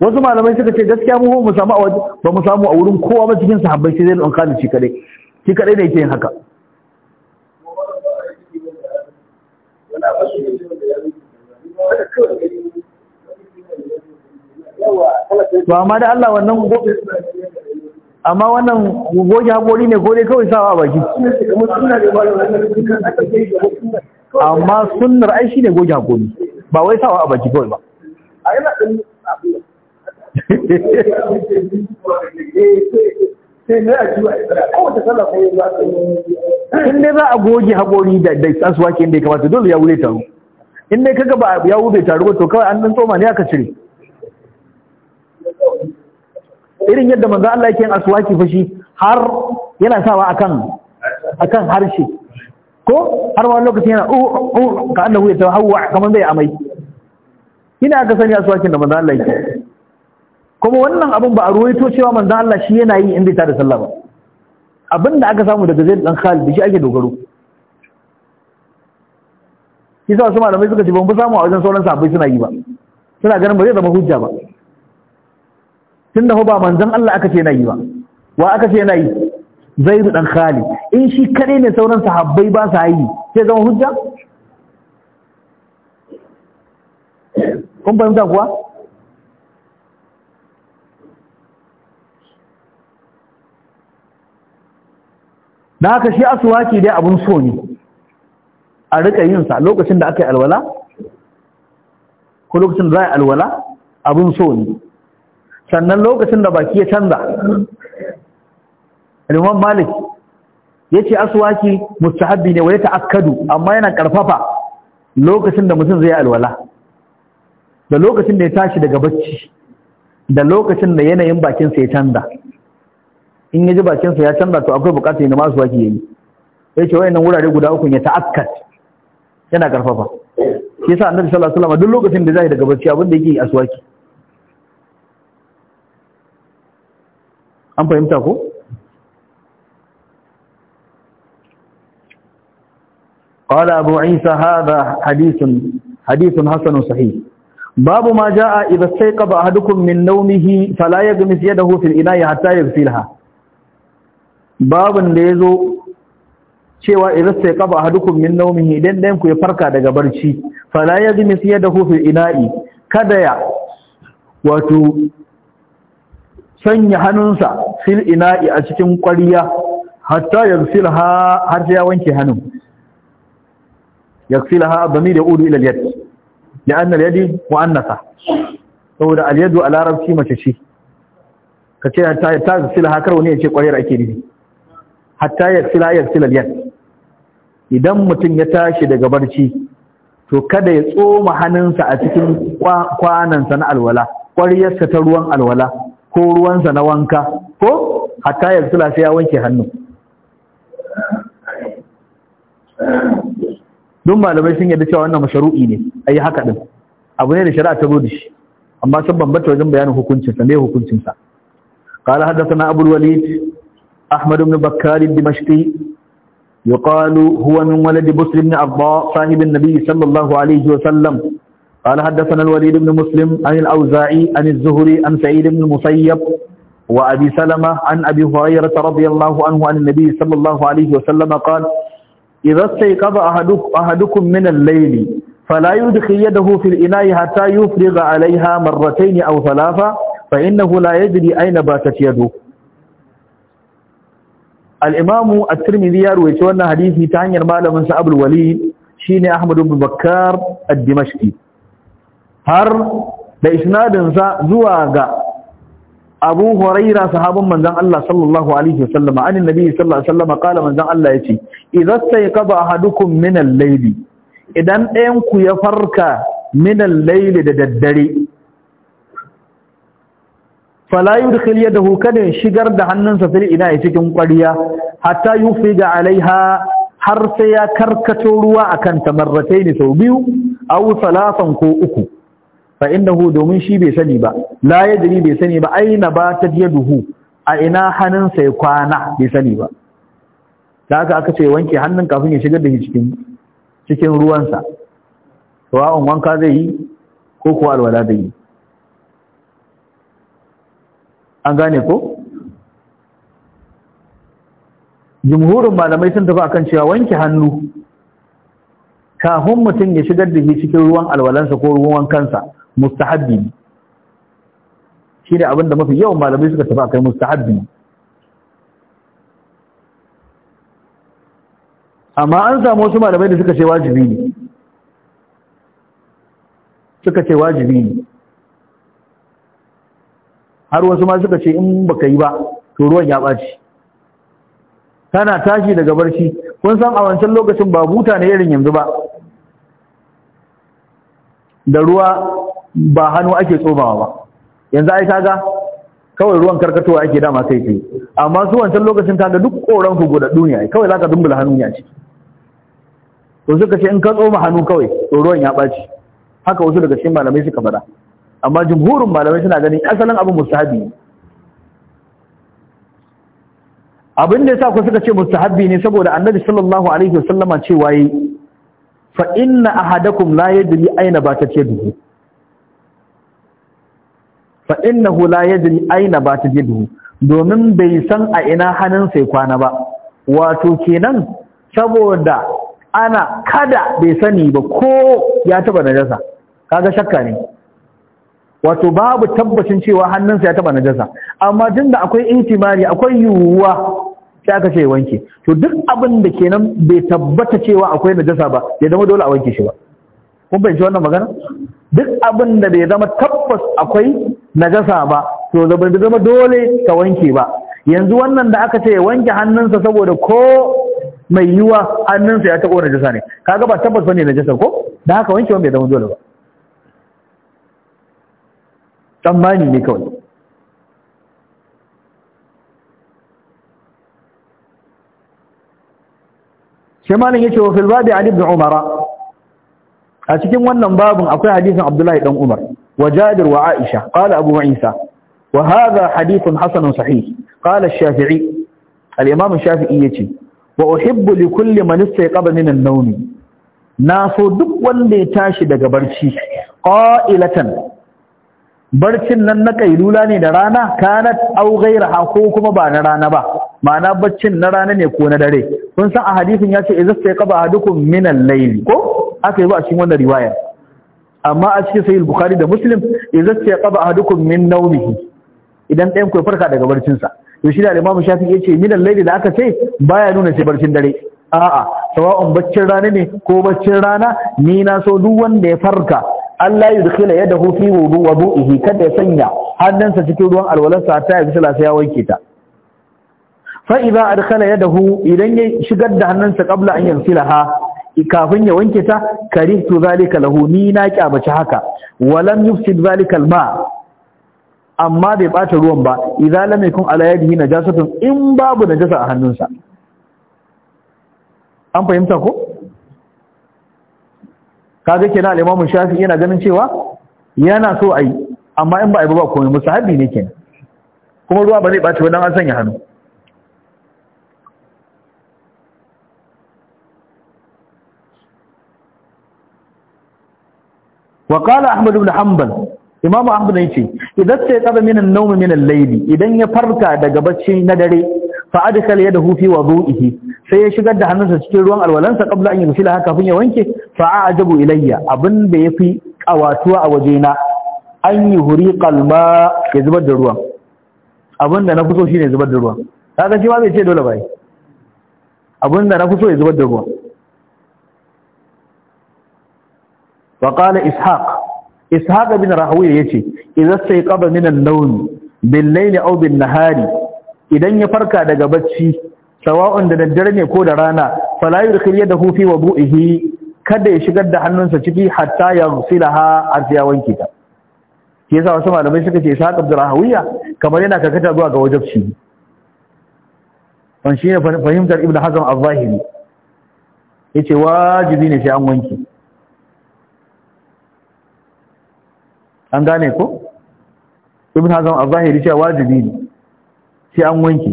wasu malamai suka ce gaskiya mu mu samu ba mu samu a wurin kowa ba cikin sahabbai sai zai kanin shi kadai shi kadai ne yake yin haka to amma da Allah wannan gobe amma wannan goge haƙori ne ko dai kawai sawa a baki amma sunnar ai shi ne goge haƙori ba wai sawa a baki kawai ba in dai za a goge haƙori da asuwa ke inda ya kamata dole ya wule taru in dai kaga ba ya wube taru ba to kawai an ɗan tsoma ne aka cire irin yadda manzo Allah yake yin aswaki fashi har yana sawa akan akan harshe ko har wani lokacin yana uh uh ka annahu ya tawawwa kaman zai amai ina ga sani aswakin da manzo Allah yake kuma wannan abun ba a ruwaito cewa manzo Allah shi yana yi in bai da sallah ba abinda aka samu daga Zaid dan Khalid shi ake dogaro Kisa wasu su malamai suka ce ban fi samu a wajen sauran sahabbai suna yi ba suna ganin ba zai zama hujja ba tunda ba manzon Allah aka ce yana yi ba wa aka ce yana yi dan khali in shi kade ne sauran sahabbai ba sa yi sai zama hujja kun fahimta kuwa da haka shi asuwaki dai abun so ne a rika yin sa lokacin da aka yi alwala ko lokacin da za a yi alwala abun so ne sannan lokacin da baki ya canza Imam Malik ya ce aswaki mustahabbi ne wa ya ta'akkadu amma yana karfafa lokacin da mutum zai alwala da lokacin da ya tashi daga bacci da lokacin da yanayin bakinsa ya canza in ya ji bakinsa ya canza to akwai bukatar yana masu waki yayi Ya ce wayannan wurare guda uku ya ta'akkat yana karfafa shi yasa annabi sallallahu alaihi wasallam duk lokacin da zai daga bacci abin da yake aswaki an fahimta ko? Ƙwada abu isa haɗa hadithun Hassanun sahih. Babu ma ja a iza sai ƙaba a hadukun min naunihi falaye gami siya da hufin ina ya hata ya fi ha. Babin da ya zo cewa iza sai ƙaba a hadukun min naunihi idan ɗan ku ya farka daga barci falaye gami siya da hufin ina'i kada ya wato sanya hannunsa fil ina'i a cikin ƙwariya hatta yaghsilha har ya wanke hannun ha, bami da udu ila ya yad li'anna al an nasa saboda al a larabci mace ce ta fi ha, kar wani ya ce ƙwariyar ake nufi hatta yaghsilha ya fi yad idan mutum ya tashi daga barci to kada ya tsoma hannunsa a cikin kwanansa na alwala ƙwariyarsa ta ruwan alwala ko ruwansa na wanka ko hatta ya sula sai ya wanke hannu Don malamai sun yadda cewa wannan masharu'i ne a yi haka ɗin abu ne da shari'a ta zo da shi amma sun bambanta wajen bayanin hukuncinsa ne hukuncinsa قال حدثنا أبو الوليد أحمد بن بكار الدمشقي يقال هو من ولد بسر بن عباء صاحب النبي صلى الله عليه وسلم قال حدثنا الوليد بن مسلم عن الأوزاعي عن الزهري عن سعيد بن المسيب وأبي سلمة عن أبي هريرة رضي الله عنه عن النبي صلى الله عليه وسلم قال إذا استيقظ أحدكم من الليل فلا يدخل يده في الإناء حتى يفرغ عليها مرتين أو ثلاثة فإنه لا يدري أين باتت يده الإمام الترمذي يروي أن حديثي تعني المعلم من سأب الوليد شين أحمد بن بكار الدمشقي har da isnadinsa zuwa ga abu huraira sahabin manzan Allah sallallahu alaihi wasallam anin nabi sallallahu alaihi wasallam kala manzan Allah yace idza sayqaba ahadukum min al laili, idan ɗayan ku ya farka minan laili da daddare fala yudkhil yadahu kada shigar da hannunsa fil ina cikin ƙwariya hatta yufiga alaiha har sai ya karkato ruwa akan tamarrataini sau biyu aw salafan ko uku fa innahu domin shi bai sani ba la yadri bai sani ba aina batat yaduhu a ina hannunsa ya kwana bai sani ba da haka aka ce wanke hannun kafin ya shigar da shi cikin cikin ruwansa sawa'un wanka zai yi ko kuwa alwala zai yi an gane ko jumhurin malamai sun tafi akan cewa wanke hannu kafin mutum ya shigar da shi cikin ruwan alwalansa ko ruwan kansa. mustahabbi shi da abinda mafi yawan malamai suka tafi akai mustahabbi amma an samu wasu malamai da suka ce wajibi ne suka ce wajibi ne har wasu ma suka ce in baka yi ba to ruwan ya ɓaci tana tashi daga barci kun san a wancan lokacin ba buta ne irin yanzu ba da ruwa ba hannu ake tsomawa ba yanzu ai kaga kawai ruwan karkatowa ake dama kai kai amma su wancan lokacin kaga duk koran ku guda ne ai kawai zaka dumbula hannu ne a ciki to suka ce in ka tsoma hannu kawai to ruwan ya baci haka wasu daga cikin malamai suka faɗa amma jumhurin malamai suna ganin asalin abu mustahabi ne abin da yasa ku suka ce mustahabi ne saboda annabi sallallahu alaihi wasallama cewa yi fa inna ahadakum la yadri aina ba ta ce duhu fa hula la yadri aina ba jidu domin bai san a ina hannun sai kwana ba wato kenan saboda ana kada bai sani ba ko ya taba najasa kaga shakka ne wato babu tabbacin cewa hannunsa ya taba najasa amma tunda akwai intimari akwai yuwuwa sai aka ce wanke to duk abin da kenan bai tabbata cewa akwai najasa ba ya zama dole a wanke shi ba kun bayyana wannan magana duk abin da bai zama tabbas akwai najasa ba to da bai zama dole ka wanke ba yanzu wannan da aka ce ya wanke hannunsa saboda ko mai yiwa hannunsa ya taɓo najasa ne kaga ba tabbas bane najasa ko da haka wanke wanda bai zama dole ba tsammani ne kawai shi malin yace wa filba da ali ibn umara a cikin wannan babin akwai hadisin Abdullahi dan Umar wa Jabir wa Aisha qala Abu Isa wa hadha hadithun hasanun sahih qala shafii al-Imam shafii yace wa uhibbu li kulli man istayqaba min an-nawm na so duk wanda ya tashi daga barci qa'ilatan barcin nan na kailula ne da rana kanat aw ghayraha ko kuma ba na rana ba ma'ana barcin na rana ne ko na dare kun san a hadisin yace idza istayqaba ahadukum min al-layl ko aka yi ba a cikin wannan riwaya amma a cikin sahih bukhari da muslim idza a ahadukum min nawmihi idan ɗayan ku farka daga barcin sa to shi da imamu ya ce min al-layli da aka ce baya nuna sai barcin dare a'a sawa'un baccin rana ne ko baccin rana ni na so duk wanda ya farka Allah yadda yadahu fi wudu'ihi kada ya sanya hannunsa cikin ruwan alwalarsa ta yi salasa ya wanke ta fa idza adkhala yadahu idan ya shigar da hannunsa qabla an yansilaha kafin ya wanke ta karihtu zalika lahu ni na kyamaci haka walam yufsid zalika alma amma bai bata ruwan ba idza lam yakun ala yadihi najasatun in babu najasa a hannunsa an fahimta ko kaga kenan al-imamu shafi yana ganin cewa yana so ai amma in ba ai ba komai musahabi ne kenan kuma ruwa ba zai bata ba dan an sanya hannu wa qala ahmad ibn hanbal imam ahmad yace idan sai tsaba minan an minan min idan ya farka daga bacci na dare fa adkhala yadahu fi wudu'ihi sai ya shigar da hannunsa cikin ruwan alwalansa qabla an yusila haka kafin ya wanke fa a'jabu ilayya abin da yafi kawatuwa a wajena an yi huriƙal ma ya zubar da ruwan da na kuso shi ne zubar da ruwan ta shi ma bai ce dole bai da na kuso ya zubar da ruwan wa qala ishaq ishaq bin ya ce idza sayqaba min an-nawm bil layli aw idan ya farka daga bacci sawa'un da daddare ne ko da rana fala yurkhil yadahu fi wudu'ihi kada ya shigar da hannunsa ciki hatta ya gsilaha har ya wanke ta shi sa wasu malamai suka ce ishaq bin ya? kamar yana karkata zuwa ga wajibci Wani shi ne fahimtar ibn hazm al-zahiri yace wajibi ne sai an wanke an gane ko ibn hazan az-zahiri cewa wajibi ne sai an wanke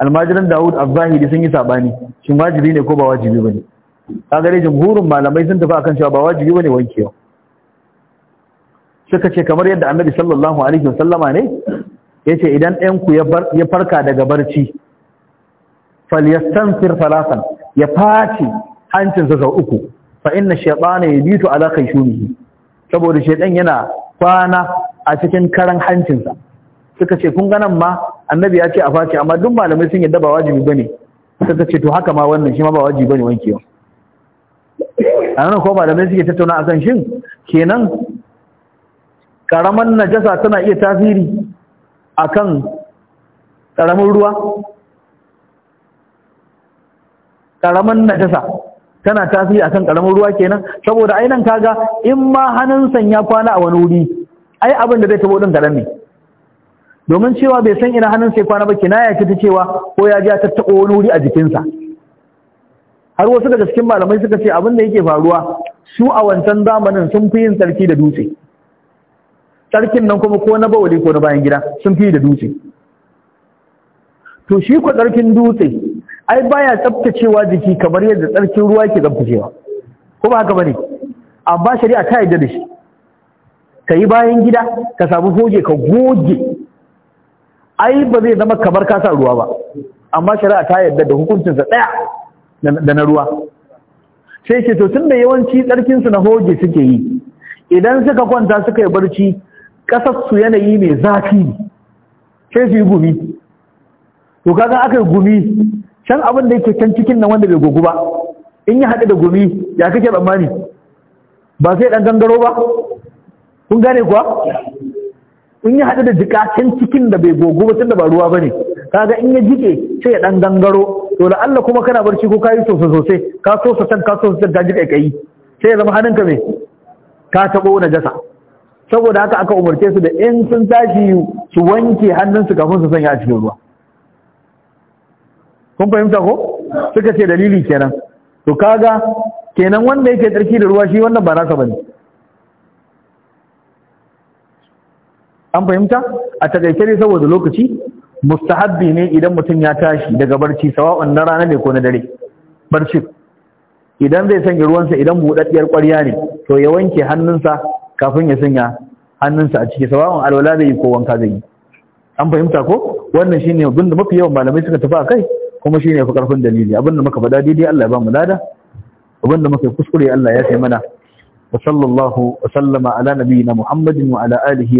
almajiran daud az-zahiri sun yi sabani shin wajibi ne ko ba wajibi bane kaga dai jumhurun malamai sun tafi akan cewa ba wajibi bane wankewa suka ce kamar yadda annabi sallallahu alaihi wasallama ne yace idan ɗan ku ya farka daga barci falyastanfir thalathan ya faci hancinsa sau uku fa inna shaytana yabitu ala khayshunihi saboda shaytan yana kwana a cikin karan hancinsa suka ce kun ganan ma annabi ya ce a face amma duk malamai sun yadda ba wajibi bane suka ce to haka ma wannan shi ma ba wajibi bane wankewa a nan ko malamai suke tattauna a kan shin kenan karaman najasa tana iya tasiri kan karamin ruwa karaman najasa tana tasiri akan karamin ruwa kenan saboda ainan kaga in ma san ya kwana a wani wuri ai abin da zai tabo din garan ne domin cewa bai san ina hannun sai kwana ba kina ya ta cewa ko ya ji ta tabo wani wuri a jikinsa har wasu daga cikin malamai suka ce abin da yake faruwa su a wancan zamanin sun fi yin sarki da dutse sarkin nan kuma ko na bawali ko na bayan gida sun fi da dutse to shi ko sarkin dutse ai baya tsaftacewa jiki kamar yadda tsarkin ruwa yake tsaftacewa ko ba haka bane amma shari'a ta yarda da shi ka yi bayan gida ka samu goge ka goge ai ba zai zama kamar kasa ruwa ba amma shari'a ta yarda da hukuncinsa ɗaya da na ruwa sai ce to tunda yawanci tsarkinsu na hoge suke yi idan suka kwanta suka yi barci ƙasarsu yanayi mai zafi sai su yi gumi to kaga aka yi gumi can abin da yake can cikin nan wanda bai gogu ba in ya haɗu da gumi ya kake tsammani ba sai ɗan gangaro ba kun gane kuwa in ya haɗu da jika can cikin da bai gogu ba tun da ba ruwa ba ne kaga in ya jike sai ya ɗan gangaro to da Allah kuma kana barci ko kayi sosai sosai ka sosa can ka sosa can ka jika kai sai ya zama hannunka mai ka taɓo na jasa saboda haka aka umarce su da in sun tashi su wanke hannunsu kafin su sanya a cikin ruwa kun fahimta ko suka ce dalili kenan to kaga kenan wanda yake tsarki da ruwa shi wannan ba nasa bane an fahimta a takaice ne saboda lokaci mustahabbi ne idan mutum ya tashi daga barci sawa'un na rana ne ko na dare barci idan zai sanya ruwansa idan buɗaɗɗiyar ƙwarya ne to ya wanke hannunsa kafin ya sanya hannunsa a ciki sawa'un alwala zai yi ko wanka zai yi an fahimta ko wannan shine abin da mafi yawan malamai suka tafi a kai kuma shine fi karfin dalili abinda muka faɗa daidai Allah ya ba mu lada abinda muka kuskure Allah ya sai mana wa sallallahu wa sallama ala nabiyina Muhammadin wa ala alihi